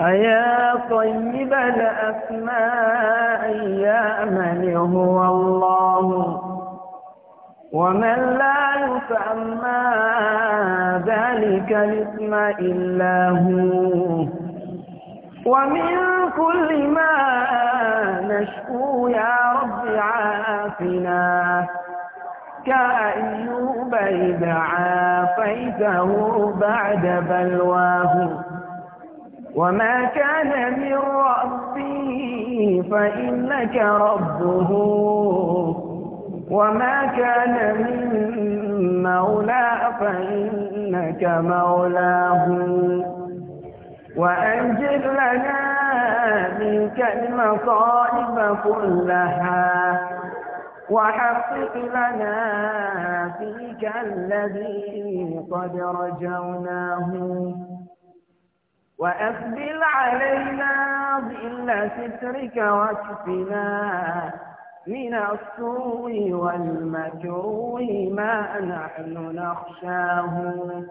أيا طيب الأسماء يا من هو الله ومن لا يسمى ذلك الاسم إلا هو ومن كل ما نشكو يا رب عافنا كأيوب إذا عافيته بعد بلواه وما كان من ربي فإنك ربه وما كان من مولى فإنك مولاه وأنجل لنا منك المصائب كلها وحقق لنا فيك الذي قد رجوناه وأقبل علينا ظل سترك واكفنا من السوء والمكروه ما نحن نخشاه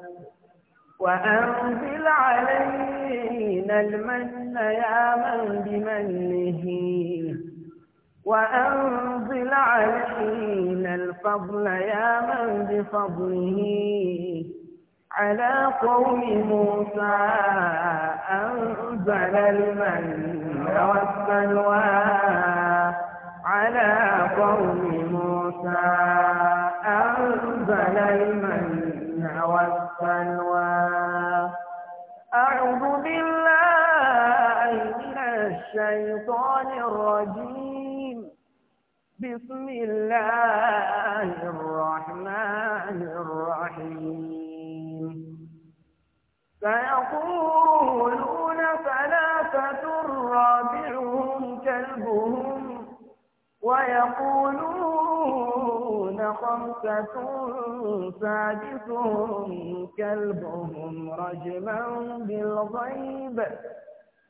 وأنزل علينا المن يا من بمنه وأنزل علينا الفضل يا من بفضله على قوم موسى أنزل المن والسلوى على قوم موسى أنزل المن والسلوى أعوذ بالله من الشيطان الرجيم بسم الله الرحمن الرحيم فيقولون ثلاثة رابعهم كلبهم ويقولون خمسة سادسهم كلبهم رجما بالغيب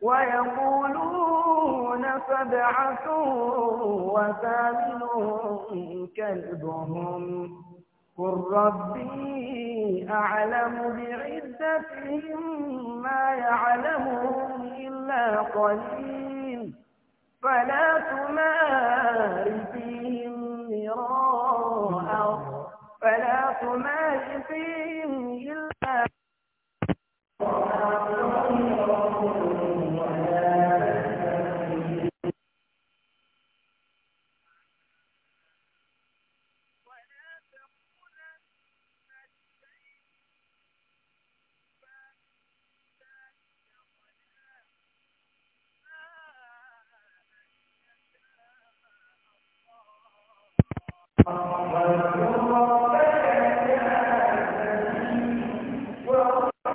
ويقولون سبعة وثامنهم كلبهم قل ربي أعلم بعزتهم ما يعلمهم إلا قليل فلا تمار فيهم مراء فلا تمار فيهم إلا قليل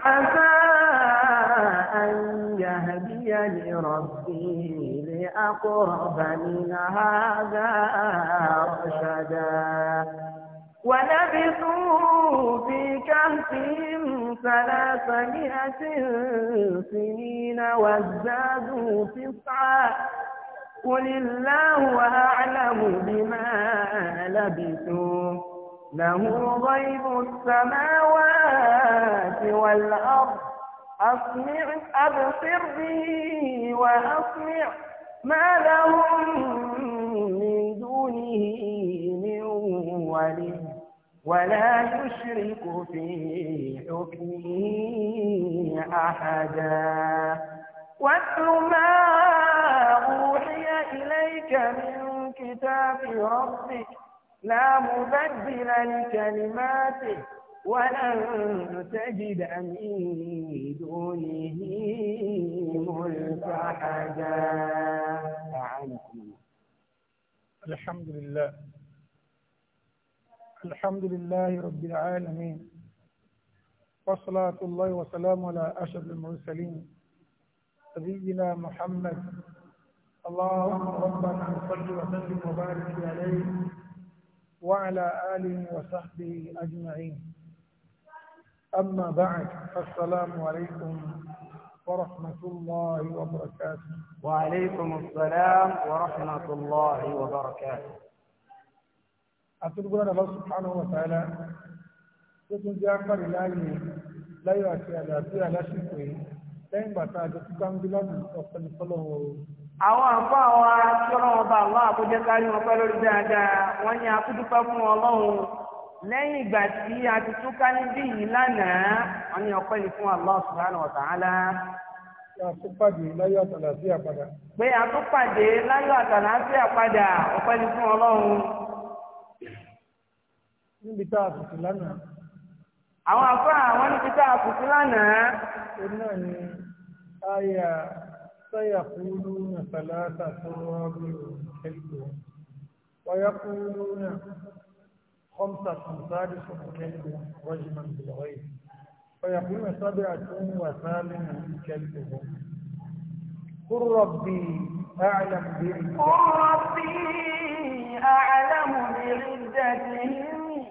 عسى أن يهدي لربي لأقرب من هذا رشدا ولبثوا في كهفهم ثلاثمائة سنين وازدادوا تسعا قل الله أعلم بما لبثوا له غيب السماوات والأرض أسمع أبصر به وأسمع ما لهم من دونه من ولي ولا يشرك في حكمه أحدا واتل ما أوحي إليك من كتاب ربك لا مبدل لكلماته ولن تجد من دونه ملتحدا الحمد لله الحمد لله رب العالمين وصلاة الله وسلامه على أشرف المرسلين سيدنا محمد اللهم ربنا صل وسلم وبارك عليه وعلى آله وصحبه أجمعين أما بعد فالسلام عليكم ورحمة الله وبركاته وعليكم السلام ورحمة الله وبركاته أتقول الله سبحانه وتعالى تتجاكر الله لا يأتي على لا شكوه lẹ́yìn ìgbà tá a jọ sí gbangilọ́nù ọ̀pẹ̀lú fọlọ́wọ́. àwọn àǹfà wa tí bá lọ́ àkójọ kárí wọn pẹ́ lórí dáadáa wọ́n ní akúdúpẹ́ fún ọlọ́run lẹ́yìn ìgbà tí a ti túká níbí yìí lánàá wọ́n ní ọpẹ́ ni fún Allah láyọ̀ pé láyọ̀ ọpẹ́ fún ọlọ́run. níbi tá a kùtù lánàá. àwọn آية سيقولون ثلاثة رابعهم كلبهم ويقولون خمسة سادسهم كلبهم رجما بالغيب ويقولون سبعة وثامنهم كلبهم قل ربي أعلم بعدتهم قل ربي أعلم بعدتهم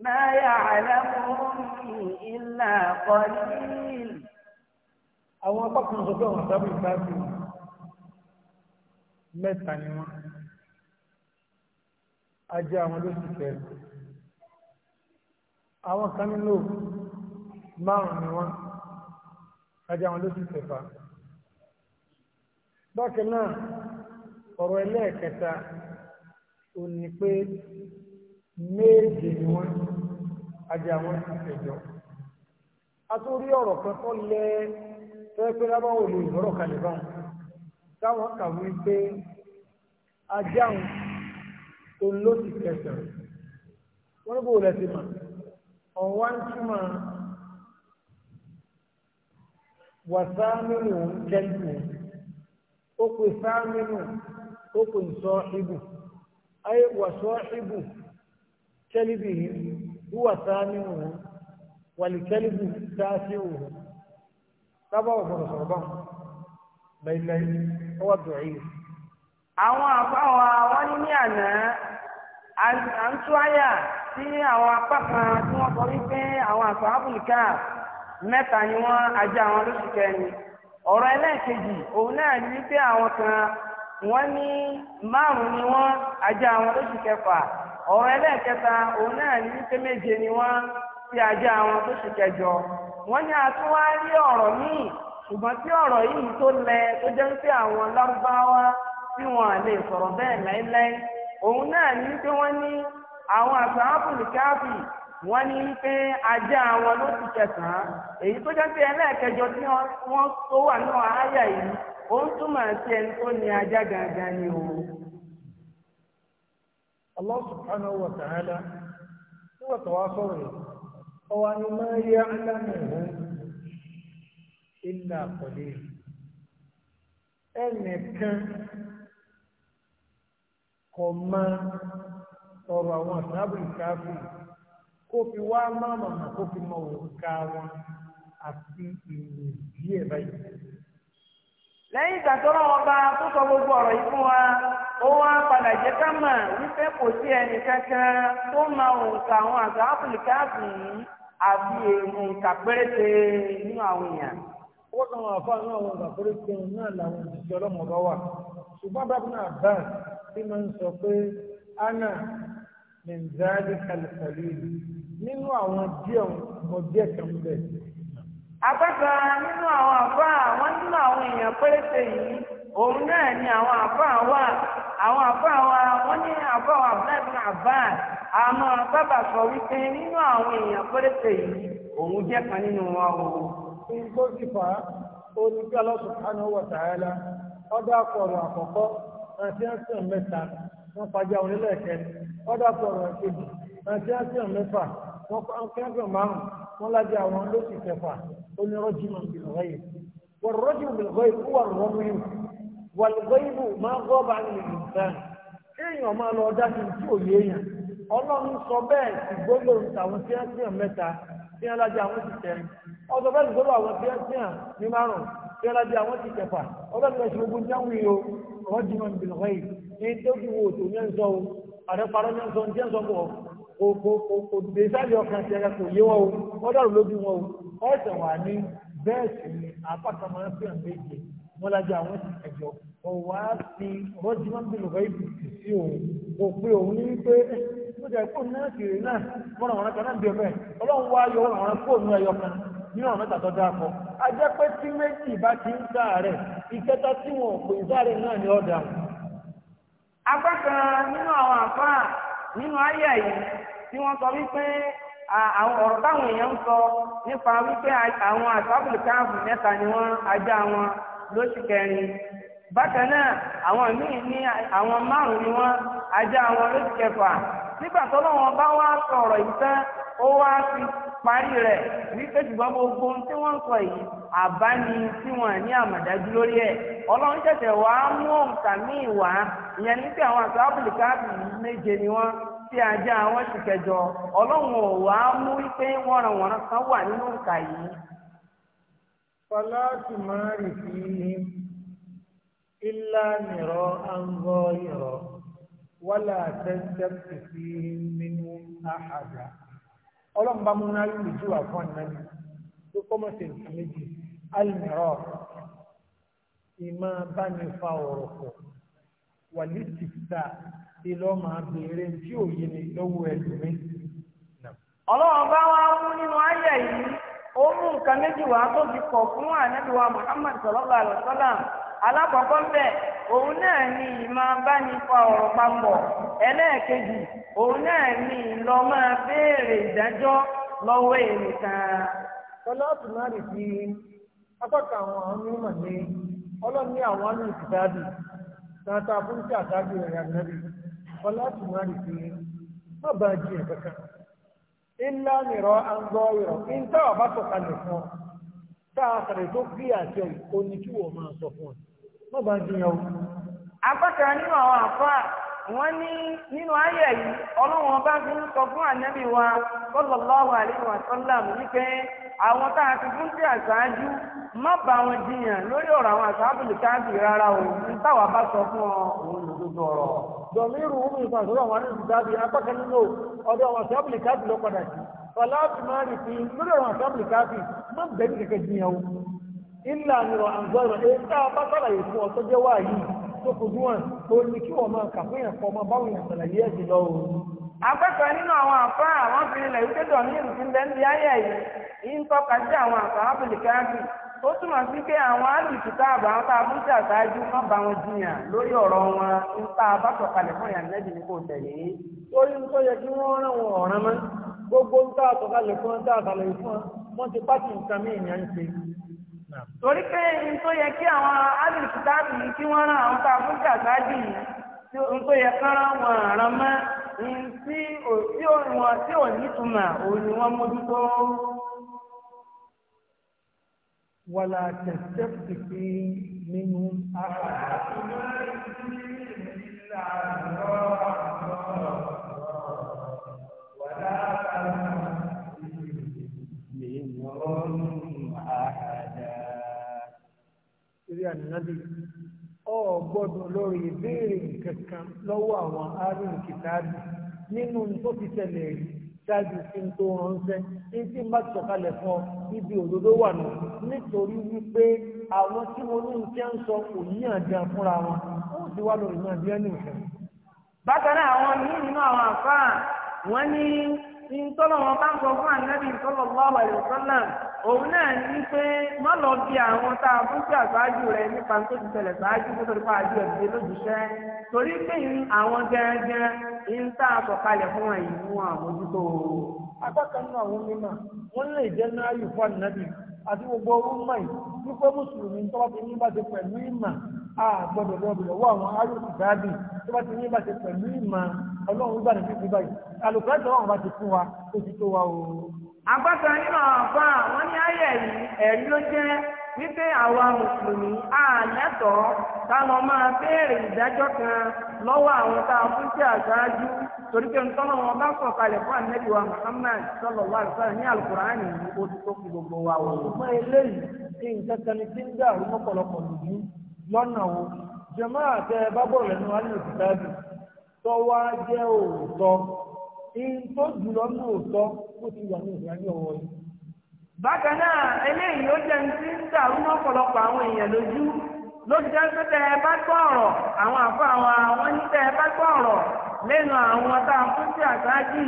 ما يعلمهم إلا قليل àwọn apákan sọ pé àwọn àtàbí ìfáàbí mẹ́ta ni wọ́n ajá àwọn ló sì fẹ́ àwọn kan nílò márùn ni wọ́n ajá àwọn ló sì fẹ́fà bákan náà ọ̀rọ̀ ẹlẹ́ẹ̀kẹta ò ní pé méje ni wọ́n ajá àwọn sì fẹ́jọ́ a tún rí ọ̀rọ̀ kan tó lẹ́ẹ̀ tó pé lábáwò lè lọ́rọ̀ kalẹ̀ bá táwọn kàwé pé ajáhùn tó ló ti kẹsẹ̀ wọ́n bò lẹ́sìn mà ọ̀wá ń túmọ̀ wàsá nínú kẹ́lù ó pè sá nínú ó pè sọ ibù ayé wàsọ ibù kẹ́lù bìí wúwà sá nínú wàlìkẹ́lù bù sí sábà ògbọ́dọ̀ sọ̀rọ̀ báwọn ọwọ́ dùn yìí. àwọn àbáwọn àwọn ní ní àná à sí àwọn apá kan tí wọ́n sọ wípé àwọn àṣọ ni wọ́n ajá àwọn lóṣù kẹrin ọ̀rọ̀ ẹlẹ́ẹ̀kejì òun náà ní pé àwọn kan wọ́n ní márùn-ún ni wọ́n ajá àwọn lóṣù kẹfà ọ̀rọ̀ ẹlẹ́ẹ̀kẹta òun náà ní méje ni wọ́n ti ajá àwọn lóṣù kẹjọ wọ́n ní àtúwárí ọ̀rọ̀ míì ṣùgbọ́n tí ọ̀rọ̀ yìí tó lẹ tó jẹ́ pé àwọn lárúbáwá tí wọn lè sọ̀rọ̀ bẹ́ẹ̀ láéláé òun náà ní pé wọ́n ní àwọn àṣàáfùlù wọ́n ní pé ajá wọn ló ti kẹsàn èyí tó jẹ́ pé ẹlẹ́ẹ̀kẹjọ tí wọ́n tó wà àáyà yìí ó túmọ̀ sí ẹni tó ní ajá ọwọ́ ni máa yẹ alámọ̀ọ́ ilà àkọ́lé kò mọ ọ̀rọ̀ àwọn àtàbùrù káfí kó fi wá máàmà kó fi mọ òǹkà wọn àti ìlú díẹ̀ báyìí. lẹ́yìn ìgbà tó rán wọn bá tó gbogbo ọ̀rọ̀ yìí wa ó wá padà jẹ́ ká mọ̀ wípé kò sí ẹnì kankan tó mọ òǹkà àwọn àbí nǹka péréte nínú àwọn èèyàn. ó kàn wọ́n àfa náà wọn nǹka péréte náà làwọn òṣìṣẹ́ ọlọ́mọba wà ṣùgbọ́n bàbá náà bá tí mo ń sọ pé ana mẹ́ńdáàlì kàlùkàlù nínú àwọn díẹ̀ mọ̀ díẹ̀ kan bẹ̀. apáta nínú àwọn àfa àwọn nínú àwọn èèyàn péréte yìí òun náà ni àwọn àfa wà. àwọn àbá wa wọ́n ní àbá wa abdullahi bin abbas àmọ́ bàbá sọ wípé nínú àwọn èèyàn péréte yìí òun jẹ́ kan nínú wọn o. ohun tó ti fà á ọ̀dọ̀ àkọ̀rọ̀ àkọ́kọ́ àti ẹ̀sìn mẹ́ta ọ̀dọ̀ àti ẹ̀sìn mẹ́fà márùn lájà àwọn kúwà rọ́mú yìí wàlúgbẹ́yìnbó máa gbọ́ bá ní ìgbà kéèyàn máa lọ dá sí tí ò yé èèyàn ọlọ́run sọ bẹ́ẹ̀ sì gbọ́dọ̀ àwọn tí wọ́n tíyàn mẹ́ta tí wọ́n lájẹ́ àwọn ti tẹ̀rin ọ̀sọ̀ bẹ́ẹ̀ sì gbọ́dọ̀ àwọn tí wọ́n tíyàn ní márùn tí wọ́n lájẹ́ àwọn ti tẹ̀fà ọ̀sọ̀ o sì gbogbo jáwé o rọ́jì máa ń bìnrin wáyé ní tóbi wo òtò ní ẹ̀ńsọ́ o àdẹ́parọ́ ní ẹ̀ńsọ́ ní ẹ̀ńsọ́ bọ̀ kò kò kò dé sáyé ọkàn ti ẹ̀ka kò yé wọn o wọ́n dàrú lójú wọn o ọ̀sẹ̀ wà ní bẹ́ẹ̀ sì ni apá kan máa ń fi hàn méje wọ́n lájọ àwọn ẹ̀jọ̀ ọ̀wá ti rọ́jì máa ń bí lọ́gbà ìbù sí òun kò pé òun ní wípé eh, ó jẹ́ fóònù náà sì náà wọ́n ràn wọ́n kan náà bí ọ̀fẹ́ ọlọ́run wá yọ ràn wọ́n fóònù ẹyọ kan nínú ọ̀nà mẹ́ta tó dáa kọ a jẹ́ pé tí méjì bá ti ń sáàárẹ̀ ìkẹta tí wọn ò pè sáàárẹ̀ náà ni ọ̀dà. apá nínú àwọn àfáà nínú ayé yìí tí wọ́n sọ wípé àwọn ọ̀rọ̀ táwọn èèyàn ń sọ nípa wípé àwọn àṣàbùlù káàbù mẹ́ta ni wọ́n ajá wọn lóṣù kẹrin bákan náà àwọn míì ní àwọn márùn ni wọn ajá wọn lóṣù kẹfà nígbà tó wọn bá wá sọ̀rọ̀ ìtàn ó wá fi parí rẹ̀ wípé ṣùgbọ́n gbogbo ohun tí wọ́n sọ yìí àbá tí ní lórí ẹ̀ ọlọ́run wá mú òǹkà míì wá ìyẹn ní àwọn méje ni wọ́n tí ajá wọn ṣì kẹjọ ò wá mú wípé wọ́n ràn kan wà nínú òǹkà yìí fọláàtì máa rì sí ihim ilá nìrọ àńgọ ìrọ wálà tẹ́tẹ́tẹ́ sí nínú àhàdà ọlọ́mọba múná lùlù jù wà fún ànábì tó kọ́mọ̀ sí nǹkan méjì alìmírọ̀ ìmọ̀ bá ní fa ọ̀rọ̀ pọ̀ wà ní ọlọ́run bá wá mú nínú ayé yìí ó mú nǹkan méjì wá tó fi kọ̀ fún ànábìwá Muhammad sallallahu alaihi alákọ̀ọ́kọ́ ń bẹ̀ òun náà ní ìmọ̀ abánifa ọ̀rọ̀ papọ̀ ẹlẹ́ẹ̀kejì òun náà ni ìlọ máa béèrè ìdájọ́ àwọn onímọ̀ ní ọlọ́ọ̀ni àwọn àlù ìtìtàbí tààtà fún ìtàkàbí náà rè sí má bàa kankan. ilá nìrọ̀ àǹgọ́ ìrọ̀ kí n táwà bá sọ̀kalẹ̀ fún ọ táà sàrẹ̀ tó bí àti sọ fún ọ má bá o. nínú àwọn wọn nínú ayé yìí ọlọ́wọ́n bá fi fún ànábì wa àwọn tá a ti fún sí àṣáájú má bá wọn lórí ọ̀rọ̀ àwọn àṣáájú rárá o fún ọ dọ̀míìrù ń rìn pàṣẹ àwọn arìnrìn ìdábì apákan nínú ọ̀dọ̀ àwọn sábìlì káàpì lọ padà sí fọláàfì máa rìn fi lórí àwọn sábìlì káàpì má bẹ̀ẹ́ ní kẹ̀kẹ́ jìyàn o ilà nìrọ̀ àǹzọ̀rọ̀ èyí tá a bá sàlàyé wá yìí tó fojú hàn tó ní kí wọ́n máa kàfihàn fọ ọmọ báwọn èèyàn sàlàyé ẹ̀sìn lọ o. apákan nínú àwọn àfa àwọn fi ilẹ̀ wípé dọ̀míìrù ti ń bẹ́ẹ̀ yìí ń tọ́ka sí àwọn àfa ó túmọ̀ sí pé àwọn alùpùpù àbáwọn tá a mú sí àṣáájú bá wọn jiyàn lórí ọ̀rọ̀ wọn ń tá a bá ya fún ìyàn lẹ́bi ní kò tẹ̀lé torí ń tó yẹ kí wọ́n rán wọn ọ̀ràn gbogbo ń fún wọn tá fún wọn wọ́n ti torí pé yẹ kí àwọn àbí kí wọ́n rán àwọn yẹ kán rán wọn wàlà tẹ̀sẹ̀tì fi nínú àpàdà. Ìrí ànábì, ọ gbọ́dọ̀ lórí ìbéèrè kankan lọ́wọ́ àwọn arìnkìtàbí nínú tó fi tẹ̀lé rí ṣáájú sí ń tó ránṣẹ́ tí tí má sọ̀kalẹ̀ fún ọ ibi òdodo wà nù nítorí wípé àwọn tí wọn ní iṣẹ́ ń sọ kò ní àjà fúnra wọn ó sì wá lórí náà bí ẹni ìfẹ́. bákan náà àwọn míì nínú àwọn àfáà wọn ní ìtọ́lọ̀ wọn bá ń sọ fún ànábì sallallahu alaihi wasallam òun náà ní pé má lọ bí àwọn tá a fún sí àgbájú rẹ nípa tó ti ṣẹlẹ̀ ṣáájú tó tó fà ájú ẹ̀dùn lójúṣẹ́ torí pé àwọn gẹ́gẹ́ ń tá a sọ̀kalẹ̀ fún wọn yìí fún àmójútó. akọ́kọ́ nínú àwọn mímọ̀ wọ́n lè jẹ́ náà yìí fún ànábì àti gbogbo ọdún mọ̀ yìí wípé mùsùlùmí tó bá ní bá pẹ̀lú ìmọ̀ a gbọ́dọ̀ lọ́bìlì ọwọ́ àwọn arúgbó dábì tó bá ti ní bá pẹ̀lú ìmọ̀ ọlọ́run gbà fífi báyìí àlùkò agbáta nínú àbá wọn ní ayé ẹ̀rí ẹ̀rí ló jẹ́ wípé àwa mùsùlùmí àlẹ́tọ̀ọ́ táwọn máa béèrè ìdájọ́ kan lọ́wọ́ àwọn tá a fún sí àṣáájú torí pé nítorí wọn bá sọ̀ kalẹ̀ fún ànẹ́bí wa Muhammad sallallahu alaihi wasallam ní alukuraani gbogbo wa Ọmọ eléyìí nǹkan Lọnà o, in tó jùlọ ní òótọ́ ó ti wà ní ìdájọ́ ọwọ́ yìí. bákan náà eléyìí ó jẹ́ ti ń dàrú mọ́ ọ̀pọ̀lọpọ̀ àwọn èèyàn lójú ló jẹ́ pé tẹ́ ẹ bá gbọ́ ọ̀rọ̀ àwọn àfa àwọn àwọn ní tẹ́ ẹ bá gbọ́ ọ̀rọ̀ lẹ́nu àwọn tá a fún sí àṣáájú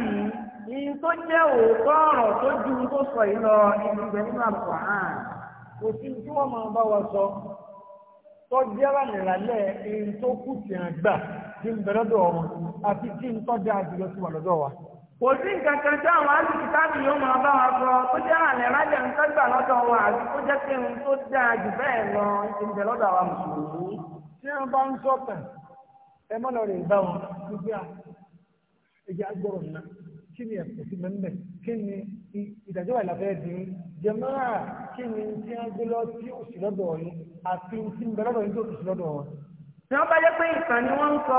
yìí in tó jẹ́ òótọ́ ọ̀rọ̀ tó ju tó sọ yìí lọ ìgbìgbẹ́ nínú àpò hàn kò sí tí wọ́n máa bá wa sọ tó jẹ́ tí ń bẹ̀rẹ̀ dọ̀ wọn àti tí ń tọ́jà àjùlọ sí wà lọ́dọ̀ wa. kò sí nǹkan kan tí àwọn alùpùpù yóò máa bá wa sọ kó jẹ́ àlẹ́ rájà ń tọ́gbà lọ́dọ̀ wa àti kó jẹ́ pé ohun tó dáa jù bẹ́ẹ̀ lọ ti ń bẹ lọ́dọ̀ àwa mùsùlùmí. tí wọ́n bá ń sọ pẹ̀ ẹ mọ́ lọ rè bá wọn gbígbé à ẹ̀jẹ̀ agbọ̀rọ̀ ńlá kí ni ẹ̀kọ́ sí mẹ́mẹ́ kí ni ìdájọ́ ìlàfẹ́ dín jẹ́mọ́ra kí ni tí wọ́n gbé lọ sí òsì lọ́dọ̀ yìí àti tí ń bẹ lọ́dọ̀ yìí tó òsì lọ́dọ̀ wọn tí wọ́n bá jẹ́ pé ìtàn ni wọ́n ń sọ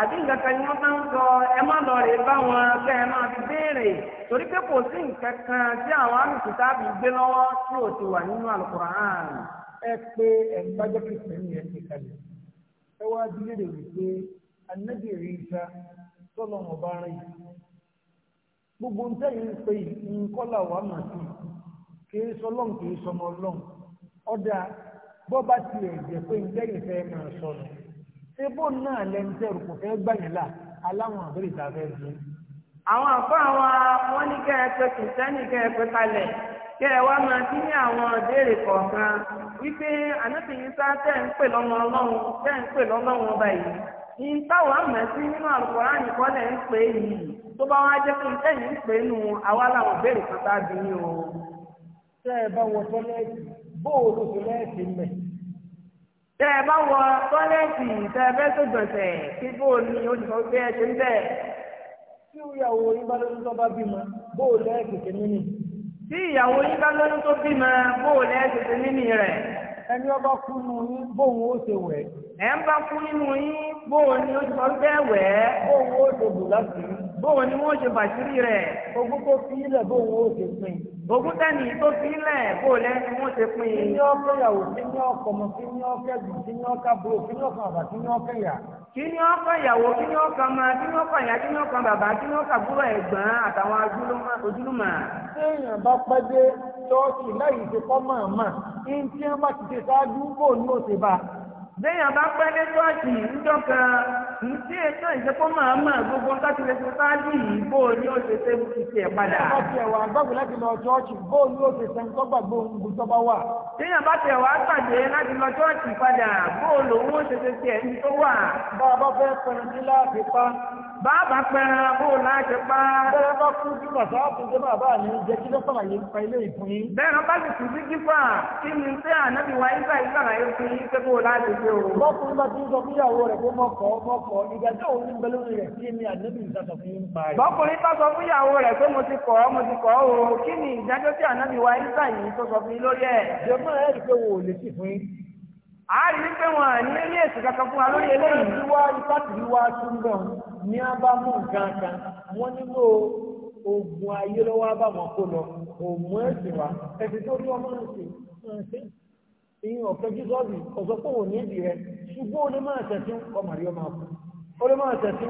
àbí nǹkan kan ni wọ́n bá ń sọ ẹ má lọ rè bá wọn kẹ́ ẹ máa fi béèrè torí pé kò sí nǹkan kan tí àwọn àmìtì tábì gbé lọ́wọ́ tí ò ti wà nínú Al-Qur'an ẹ pé ẹ bá jẹ́ pé ìtàn ni ẹ ti kalẹ̀ ẹ wá dílé rè wípé Ànábì Ìsá sọ́nà ọ̀bá rìn gbogbo ń tẹ́yìn ń pe nǹkọ́là wàá mà sí kì í sọ ọlọ́run kì í sọmọ ọlọ́run ọ̀dà bọ́ bá tiẹ̀ jẹ́ pé ìtẹ́yìn fẹ́ máa sọnù ebó náà lẹ́ńtẹ́ rò kò fẹ́ gbàyàn là aláwọn àbẹ̀rẹ̀ ìta fẹ́ bí. àwọn àfọ àwọn wọn ní kẹ́ ẹ pé kìrìsìtẹ́nì kẹ́ ẹ pé kalẹ̀ kẹ́ ẹ wá máa dín ní àwọn ìbéèrè kọ̀ọ̀kan wípé ànábì Ìsá tẹ́ ń pè lọ́mọ ọlọ́run tẹ́ ń pè lọ́lọ́run ọba yìí ní táwọn àmẹ́sí nínú àlùkòrá nìkan lẹ̀ ń pè é yìí tó bá wá jẹ́ pé ìtẹ́yìn ń pè é nù àwa làwọn ìbéèrè kan bí ní o. tẹ́ ẹ bá wọ tọ́lẹ́ẹ̀tì bóòlù sí lẹ́ẹ̀sì mẹ́. tẹ́ ẹ bá wọ tọ́lẹ́ẹ̀tì tẹ́ ẹ fẹ́ tó kí bóòlù ni ó ti sọ pé ẹ ṣe ń bẹ̀. tí ìyàwó yín bá lóyún tó bá bímọ bóòlù ẹ̀ ọba kú nù ó ṣe wẹ̀. ẹ̀ ń bá kú nínú yín bóòlù ni ó ti sọ pé wẹ̀. bóun ó ṣe bóun ni wọ́n ṣe bàṣírí rẹ̀ ogún tó fi ilẹ̀ bóun ó ṣe pin ogún tẹ́ni tó fi ilẹ̀ bóun lẹ́nu wọ́n ṣe pin. kí ni ọkọ ìyàwó kí ni ọkọ ọmọ kí ni ọkọ ẹbí kí ni ọkọ àbúrò kí ni ọkọ àbá kí ni ọkọ ìyá. kí ni ọkọ ìyàwó kí ni ọkọ ọmọ kí ni ọkọ ìyá kí ni ọkọ bàbá kí ni ọkọ àbúrò ẹ̀gbọ́n àtàwọn ojúlùmọ̀. téèyàn bá pẹ́ dé ṣọ́ọ̀ṣì láyìí ti mọ̀ọ́mọ̀ lẹ́yìn bá pẹ́ nẹ́tíwáàkì níjọ́ kan kì í sí ètò ìṣẹ́pọ̀ máa mọ̀ gbogbo káàkiri ẹ̀sìn sáájú yìí bó o ní òṣè ṣe ń fi tiẹ̀ padà. ọ̀pọ̀ tiẹ̀ wà gbàgbé láti lọ ṣọ́ọ̀ṣì bó o ní òṣè ṣe ń tọ́gbàgbé ohun tó bá wà. lẹ́yìn bá tiẹ̀ wà pàdé láti lọ ṣọ́ọ̀ṣì padà bó o lòun òṣè ṣe tiẹ̀ ń tó wà. bá a bá fẹ́ pẹ̀lú bàbá pẹ̀rẹ̀ bó láti pa. Bẹ́ẹ̀ bá kú bí bàtà àtúnjẹ náà bá ní jẹ́ kí ló sàlàyé nípa ilé ìfún yín. Bẹ́ẹ̀ bá sì kú sí kífà kí ni pé ànábì wa ìgbà ìsàlàyé fún yín pé bó láti ṣe o. Lọ́kùnrin bá ti ń sọ fún ìyàwó rẹ̀ pé mọ̀kọ́ mọ̀kọ́ ìgbàjọ́ òun ń bẹ lórí rẹ̀ kí ni ànábì ìsàtọ̀ fún yín pa rẹ̀. bá sọ fún ìyàwó rẹ̀ pé mo ti kọ̀ mo ti kọ̀ o kí ni ìdájọ́ tí ànábì wa ìsà yìí tó sọ fún yín lórí ẹ̀. Jọ̀mọ́ ẹ̀ àárí wípé wọn à ní ní èsì kankan fún wa lórí eléyìí. wọ́n ti wá ìfàtìrí wá túnbọ̀ ní abámú nǹkan kan wọ́n nílò ogun ayé lọ́wọ́ abámọ̀ kó lọ òun ẹ̀sìn wa ẹ̀sìn tó tún ọmọ ẹ̀sìn ẹ̀sìn ìyẹn ọ̀fẹ́ jísọ́ọ̀sì ọ̀sọ́ pé òun níbi rẹ̀ ṣùgbọ́n ó lè máa tẹ̀sí kọ́ màrí ọmọ àpò ó lè máa tẹ̀sí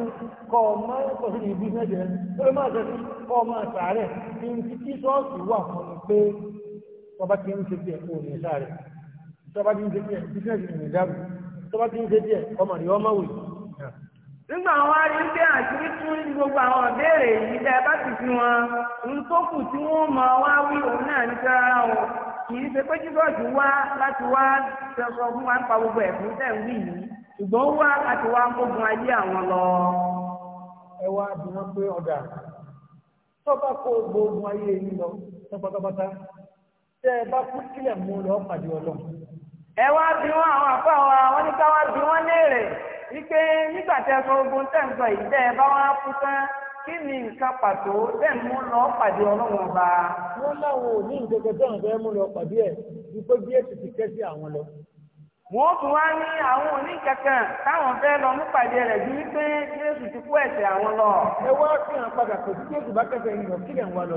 kọ́ ọmọ ẹ̀kọ́ sí ibi mẹ́jẹ rẹ̀ ó lè máa tẹ̀sí kọ́ ọmọ àtàrẹ̀ ní ti jísọ́ọ̀sì wà fún mi pé ọba ti ń ṣe bí ẹ̀kọ́ òun ní sáré tọ́ba ti ń ṣe díẹ̀ bísíǹsì ní ìdáàbò tọ́ba ti ń ọmọ rẹ̀ ọmọ wò. nígbà wọn a rí pé àṣírí tún ní gbogbo àwọn ìbéèrè yìí dá bá ti fi wọn ń tí wọn mọ wá wí òun náà ní wọn kì í ṣe pé wa nípa gbogbo ẹ̀fún tẹ̀ lọ. ẹ wá bí wọn pé kó gbogbo ayé lọ ẹ bá kú ẹ wá bí wọn àwọn àpá wa wọn ní ká wá bí wọn léèrè wípé nígbà tẹ sọ ogun tẹ̀ ń sọ yìí tẹ́ ẹ bá wá kú tán kí ni nǹkan pàtó tẹ̀ mú lọ pàdé ọlọ́wọ́n bá. wọ́n láwọn ò ní ìdókòtò tẹ̀ ń fẹ́ mú lọ pàdé ẹ̀ wípé bí èsì ti kẹ́ sí àwọn lọ wọ́n tún wá ní àwọn oníkankan táwọn fẹ́ lọ nípàdé rẹ̀ bí wípé Jésù ti kú ẹ̀ṣẹ̀ àwọn lọ. ẹ wá fi hàn padà pẹ̀lú Jésù bá kẹsẹ̀ yìí lọ kí lè ń wá lọ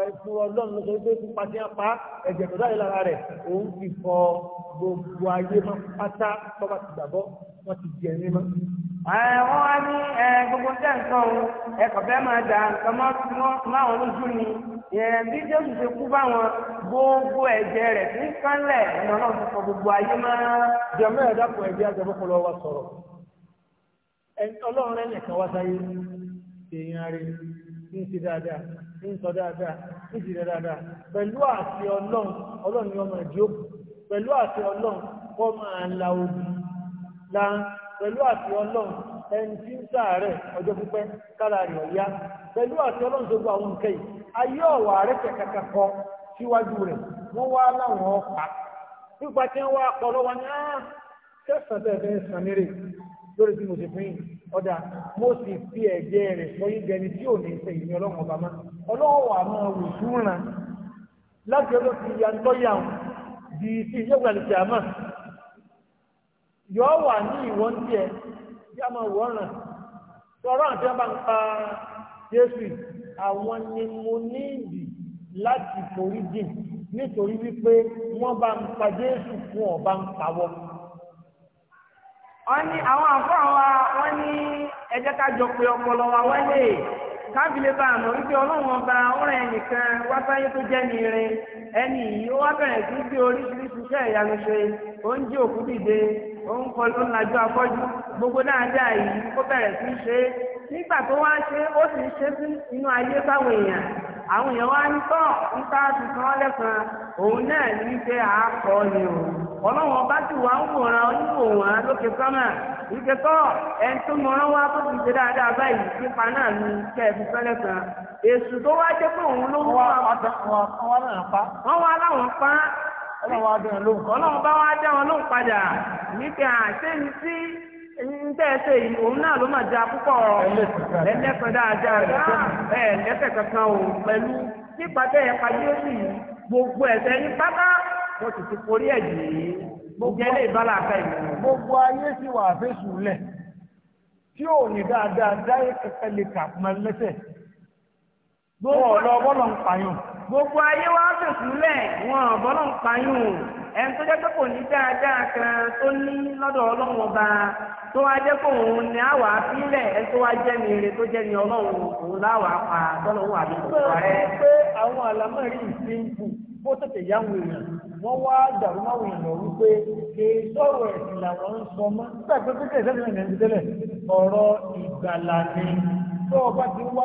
ẹ̀sùn ọlọ́run lọ́sọ pé pípa tí a pa ẹ̀jẹ̀ tó dáre lára rẹ̀ òun fi fọ gbogbo ayé mọ́ pátá tọ́ba ti gbàgbọ́ wọ́n ti di ẹ̀mí mọ́. wọ́n wá ní gbogbo sẹ́ǹtọ̀ o ẹ̀kọ́ fẹ́ máa dà nǹkan máwọn lójú ni bí jésù ṣe kú báwọn gbogbo ẹ̀jẹ̀ rẹ̀ ní kánlẹ̀ ẹ̀nà náà ti fọ gbogbo ayé mọ́. jọ̀mọ́ ẹ̀dá kan ẹ̀jẹ̀ àjọmọ́kọlọ wa sọ̀rọ̀ ọlọ́run ẹ̀ ń ṣe dáadáa ń sọ dáadáa ń ṣe dáadáa pẹ̀lú àti ọlọ́run ọlọ́run ni ọmọ ìjọ pẹ̀lú àti ọlọ́run kọ́ máa la òbí la pẹ̀lú àti ọlọ́run ẹni tí ń sàárẹ̀ ọjọ́ pípẹ́ kára rẹ̀ ọ̀yá pẹ̀lú àti ọlọ́run tó gba àwọn nǹkan yìí ayé ọ̀wà rẹ̀ kẹ̀kẹ́kẹ́ kọ síwájú rẹ̀ wọ́n wá láwọn ọ̀pá pípa tí wọ́n wá pọ̀ lọ́wọ́ ah, ní á kẹsàn-án tẹ̀ ọ̀dà mo sì fi ẹ̀jẹ̀ rẹ̀ sọ yín ni tí ò ní ṣe ìyẹn ọlọ́run ọba máa ọlọ́run wà máa wò súnra láti ọdún ti ya tọ́yà di sí ìjọba àlùkè àmà yọ wà ní ìwọ́n tiẹ̀ bí a máa wọ́n ràn sọ̀rọ̀ àti ọba ń pa Jésù àwọn ni mo ní ìdí láti forí jìn nítorí wípé wọ́n bá ń pa Jésù fún ọba ń pawọ́. wọ́n ní àwọn àǹfààní wa wọ́n ní ẹ ká jọ pé ọpọlọ wa wọ́n lè kábìlẹ̀ bá àmọ́ wípé ọlọ́run ọba ọ̀rẹ́ ẹnìkan wá sáyé tó jẹ́ ní irin ẹni yìí ó wá bẹ̀rẹ̀ sí bí oríṣiríṣi iṣẹ́ ìyanu o ń jí òkú dìde ó ń kọ ló ń lajú gbogbo dáadáa yìí ó bẹ̀rẹ̀ sí í ṣe é nígbà tó wá ṣe é ó sì ń ṣe sí inú ayé báwọn èèyàn àwọn èèyàn wá ń tọ́ nípa a lẹ́sàn-án òun náà ní o ọlọ́run ọba ti wà ń wòran lókè sọ́mà tọ́ ẹni tó wá tó ti ṣe dáadáa báyìí nípa náà tó wá jẹ́ pé òun ló ọlọ́run wá dán lóhùn ọlọ́run bá wá dá wọn lóhùn padà níbi àṣẹyìn sí ntẹ́ ẹsẹ̀ yìí òun náà ló máa da púpọ̀ lẹ́lẹ́kan dáadáa ẹ̀ lẹ́sẹ̀ kankan o pẹ̀lú nípa tẹ́ ẹ pàdé ó sì gbogbo ẹ̀ṣẹ̀ yín pátá wọ́n sì ti forí ẹ̀ jì í gbogbo ẹlẹ́ ìbálà àká ìlú. gbogbo ayé sì wà fẹ́sù lẹ̀ tí ò ní dáadáa dáyé kẹfẹ́ lè kà máa lẹ́sẹ̀ gbogbo ọ̀lọ́ bọ́lọ̀ ń pààyàn gbogbo ayé wa fèsùlẹ̀ wọn ọ̀bọ́lọ́ ń payún ẹni tó jẹ́ pé kò ní dáadáa kan tó ní lọ́dọ̀ ọlọ́run ọba tó wá jẹ́ pé òun ni àwà sílẹ̀ ẹni tó wá jẹ́ ni ire tó jẹ́ ni ọlọ́run òun láwà pa tọ́lọ́ wà ní ìgbà rẹ. pé àwọn àlámọ̀ rí ìsìnkú bó tètè yá wọn èèyàn wọ́n wá dàrú máwọn èèyàn wípé kì í sọ̀rọ̀ ẹ̀sìn làwọn ń sọ mọ́ nígbà pé pé kẹ̀sẹ́ ti tẹ́lẹ̀ ọ̀rọ̀ ìgbàlà ni tó ọba ti wá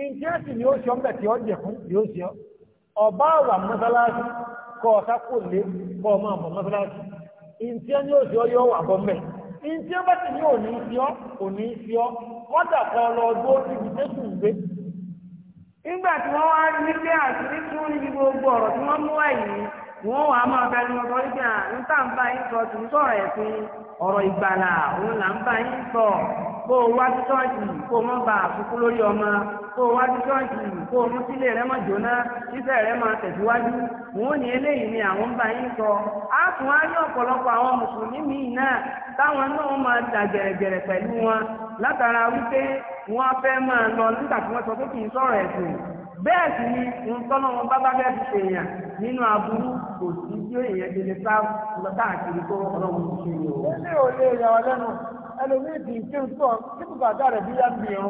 ìjẹ́sì ni ó ṣe ọ́mọ̀ tí ó jẹ̀ fún yóò ṣe ọ́ ọba àwà mọ́sálásí kọ́ ọ̀sá kò lé ọmọ àmọ́ mọ́sálásí ìjẹ́ ni ó ṣe ọ́ yọ wà mẹ́ ìjẹ́ bá ti ní òní sí ọ́ òní ọ́ kọ́dà lọ ọdún ó ti sùn gbé. nígbà tí wọ́n wá nílé àti gbogbo ọ̀rọ̀ tí wọ́n mú ẹ̀yìn wọ́n wàá máa bẹnu ọ̀rọ̀ ìgbàlà òun là ń bá yín sọ kó o wá sí o mọ́ bá àkókò lórí ọmọ kó o wá sí ṣọ́ọ̀ṣì kó o mú sílé rẹ mọ́ jóná iṣẹ́ rẹ máa tẹ̀síwájú wọn ò ní eléyìí ni àwọn ń bá yín sọ á tún á ní ọ̀pọ̀lọpọ̀ àwọn mùsùlùmí míì náà táwọn náà máa dà gẹ̀rẹ̀gẹ̀rẹ̀ pẹ̀lú wọn látara bẹ́ẹ̀ sì ni wọn kò sí bí èèyàn ti lè sá lọ káàkiri tó ọlọ́run ti ṣe o. ilé ò lè yà wá lẹ́nu ẹlòmíì kì í ṣe ń sọ kíkù bàtà rẹ̀ bí yàgbé yẹn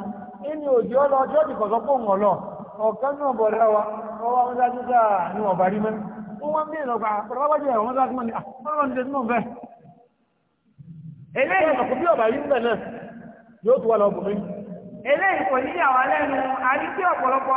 inú òjò ọlọ ọjọ́ ti kọ̀ọ̀kan pò wọ́n lọ ọ̀kan náà bọ̀ rẹwà ọwọ́ àwọn ọjọ́ àjúgbà ni wọ́n bá rí mẹ́. wọ́n bí ìlọ́gbà pọ̀lọ́wọ́jọ́ ẹ̀rọ wọn láti mọ́ ni àwọn ọ̀dẹ́ tí wọ́n fẹ́. eléyìí ọ̀pọ̀ bí ọ̀bà rí ń bẹ̀ náà yóò tó wà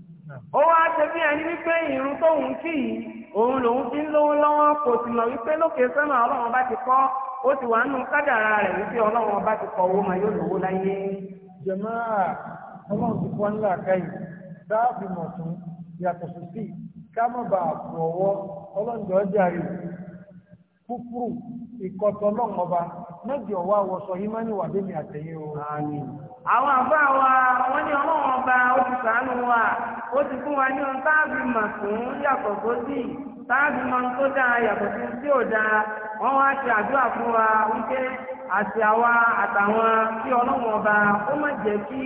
ó wá ṣe bí ẹni wípé ìrun tóun kì í òun lòun fi ń lówó lọ́wọ́ kò sì mọ̀ wípé lókè sẹ́nà ọlọ́run bá ti kọ́ ó ti wà nù kádàrá rẹ̀ wípé ọlọ́run bá ti kọ́ owó máa yóò lówó láyé. jẹ̀mọ́ ọlọ́run ti kọ́ ńlá káyì dáàbò mọ̀tún yàtọ̀ sí sí ká má bàa fọwọ́ ọlọ́run jọ jàre kúfúrù ìkọ̀tọ̀ lọ́mọba mẹ́jọ wá wọ́sọ yí máa wà àtẹ̀yẹ o. àwọn àbá wa wọ́n ní ọmọ wọn ba ó ti ṣàánú wa ó ti fún wa ní ohun táàbì mà fún yàtọ̀ gbòdì táàbì mọ tó dáa yàtọ̀ sí tí ò dáa wọ́n wá àdúrà fún wa wípé àti àwa ọba ó má jẹ́ kí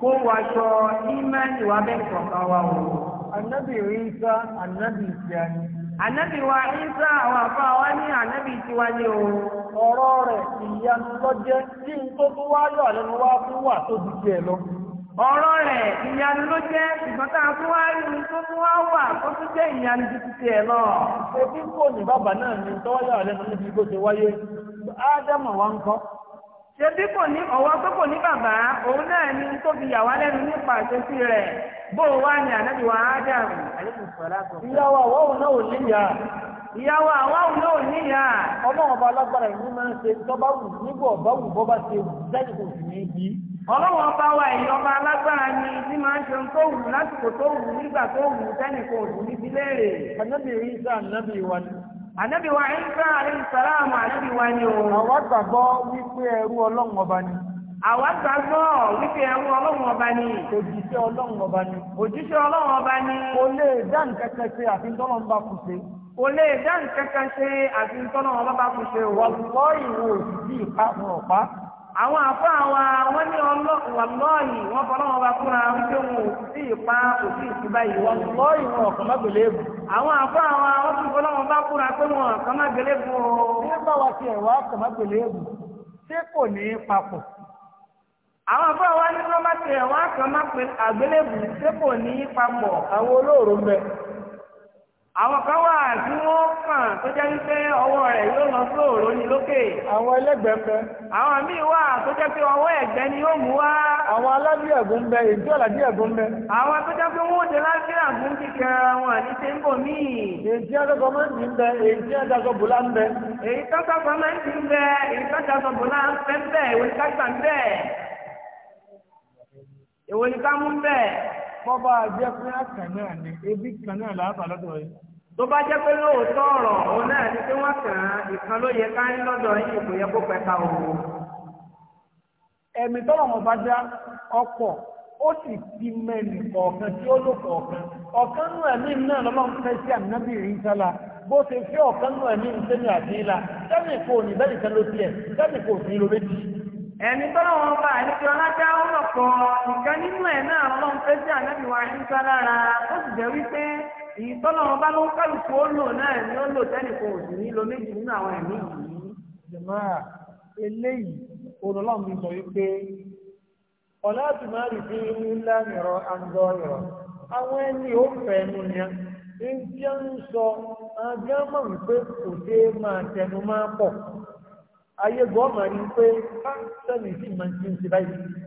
kó bẹ́ẹ̀ kọ̀ọ̀kan ànábì wa Ìsá àwọn àfa wa ní ànábì ní o. ọ̀rọ̀ rẹ̀ ìyanu lọ́jẹ́ tí n tó tó wá lẹ́nu wá fún wà tó di lọ. ọ̀rọ̀ rẹ̀ ìyanu ló jẹ́ ṣùgbọ́n tá wá rí tó wá wà tó jẹ́ ìyanu lọ. ebi kò ní bàbá náà ní lẹ́nu níbi bó ṣebí kò ní ọwọ́ pé kò ní bàbá òun náà ni tó fi lẹ́nu nípa àṣesí rẹ̀ bó o wá ní ànábì wa ádámù àlékún sọlá sọ. náà ò níyà. ìyàwó àwáwò náà ò níyà. ọmọ ọba alágbára ìlú máa ń ṣe tọ́ba wù nígbà ọba wù bọ́ba ṣe wù sẹ́yìn kò sì ní bí. ọba wa ẹ̀yìn ọba alágbára ni tí máa ń ṣe ànábì wa Ìsá alayhi salaam ànábì wa ni o. àwa gbàgbọ́ wípé ẹrú ọlọ́run ọba ni. àwa gbàgbọ́ wípé ẹrú ọlọ́run ọba ni. òjíṣẹ́ ọlọ́run ọba ni. òjíṣẹ́ ọlọ́run ọba ni. kò lè dá nǹkan kan ṣe àfi tọ́lọ́ ń bá kù ṣe. kò lè dá nǹkan kan ṣe àfi tọ́lọ́ ń bá kù ṣe o. wàlúwọ́ ìwò òsì àwọn àfọ àwọn wọn ní ọlọ́ọ̀yì wọn fọlọ́ wọn bá fúnra wípé wọn ò sí ìpa kò sí ìtura yìí wọn lọ́ọ̀yì wọn ọ̀kan má gbélé bù. àwọn àfọ wọn bá fúnra pé wọn ọ̀kan má gbélé bù ọ̀kan má gbélé bù àwọn àfọ ní wọn bá ọ̀kan má àwọn kan wà tí wọ́n kàn tó jẹ́ wípé ọwọ́ rẹ̀ yóò lọ sóòrò ní lókè. àwọn ẹlẹ́gbẹ̀ẹ́ ń àwọn míì wà tó jẹ́ pé ọwọ́ ẹ̀gbẹ́ ni yóò mú wá. àwọn alábíyàgùn ń bẹ èdè ọ̀làdíyàgùn ń bẹ. àwọn tó jẹ́ pé wọ́n dé wọn ṣe ń míì. èyí máa ń ń bẹ èyí tí èyí bọ́bá jẹ́ pé àkàn náà ni ebi kan náà làábà lọ́dọ̀ yìí. tó bá jẹ́ pé lóòótọ́ ọ̀rọ̀ òun náà ni pé wọ́n kàn án ìkan ló yẹ ká ní lọ́dọ̀ yìí kò yẹ kó pẹ̀ka òwò. ẹ̀mí tọ́lọ̀ wọn bá dá ọkọ̀ ó sì ti mẹ́ni kọ̀ọ̀kan tí ó lò kọ̀ọ̀kan ọ̀kan nù ẹ̀mí náà lọ́lọ́run fẹ́ sí ànábì ìrìnsálà bó ṣe fẹ́ ọ̀kan nù ẹ̀mí ìsẹ́mi àti sẹ́mi kò ní bẹ́ẹ̀ nìkan sẹ́mi ló ọ̀pọ̀ nǹkan nínú ẹ̀ náà a fẹ́ sí ànábì wa nípa lára ó sì jẹ́ wípé èyí tọ́lọ́ ló ń kálukú ó lò náà ni ó lò tẹ́lẹ̀ òsì ní lo méjì nínú àwọn ẹ̀mí yìí. jùmọ́ eléyìí olùlọ́run mi sọ wípé àwọn ẹni ò fẹ́ ẹnu yẹn ń sọ agámọ̀ wípé kò dé máa tẹnu máa pọ̀ ayé gbọ́ pé sì máa ń ti ń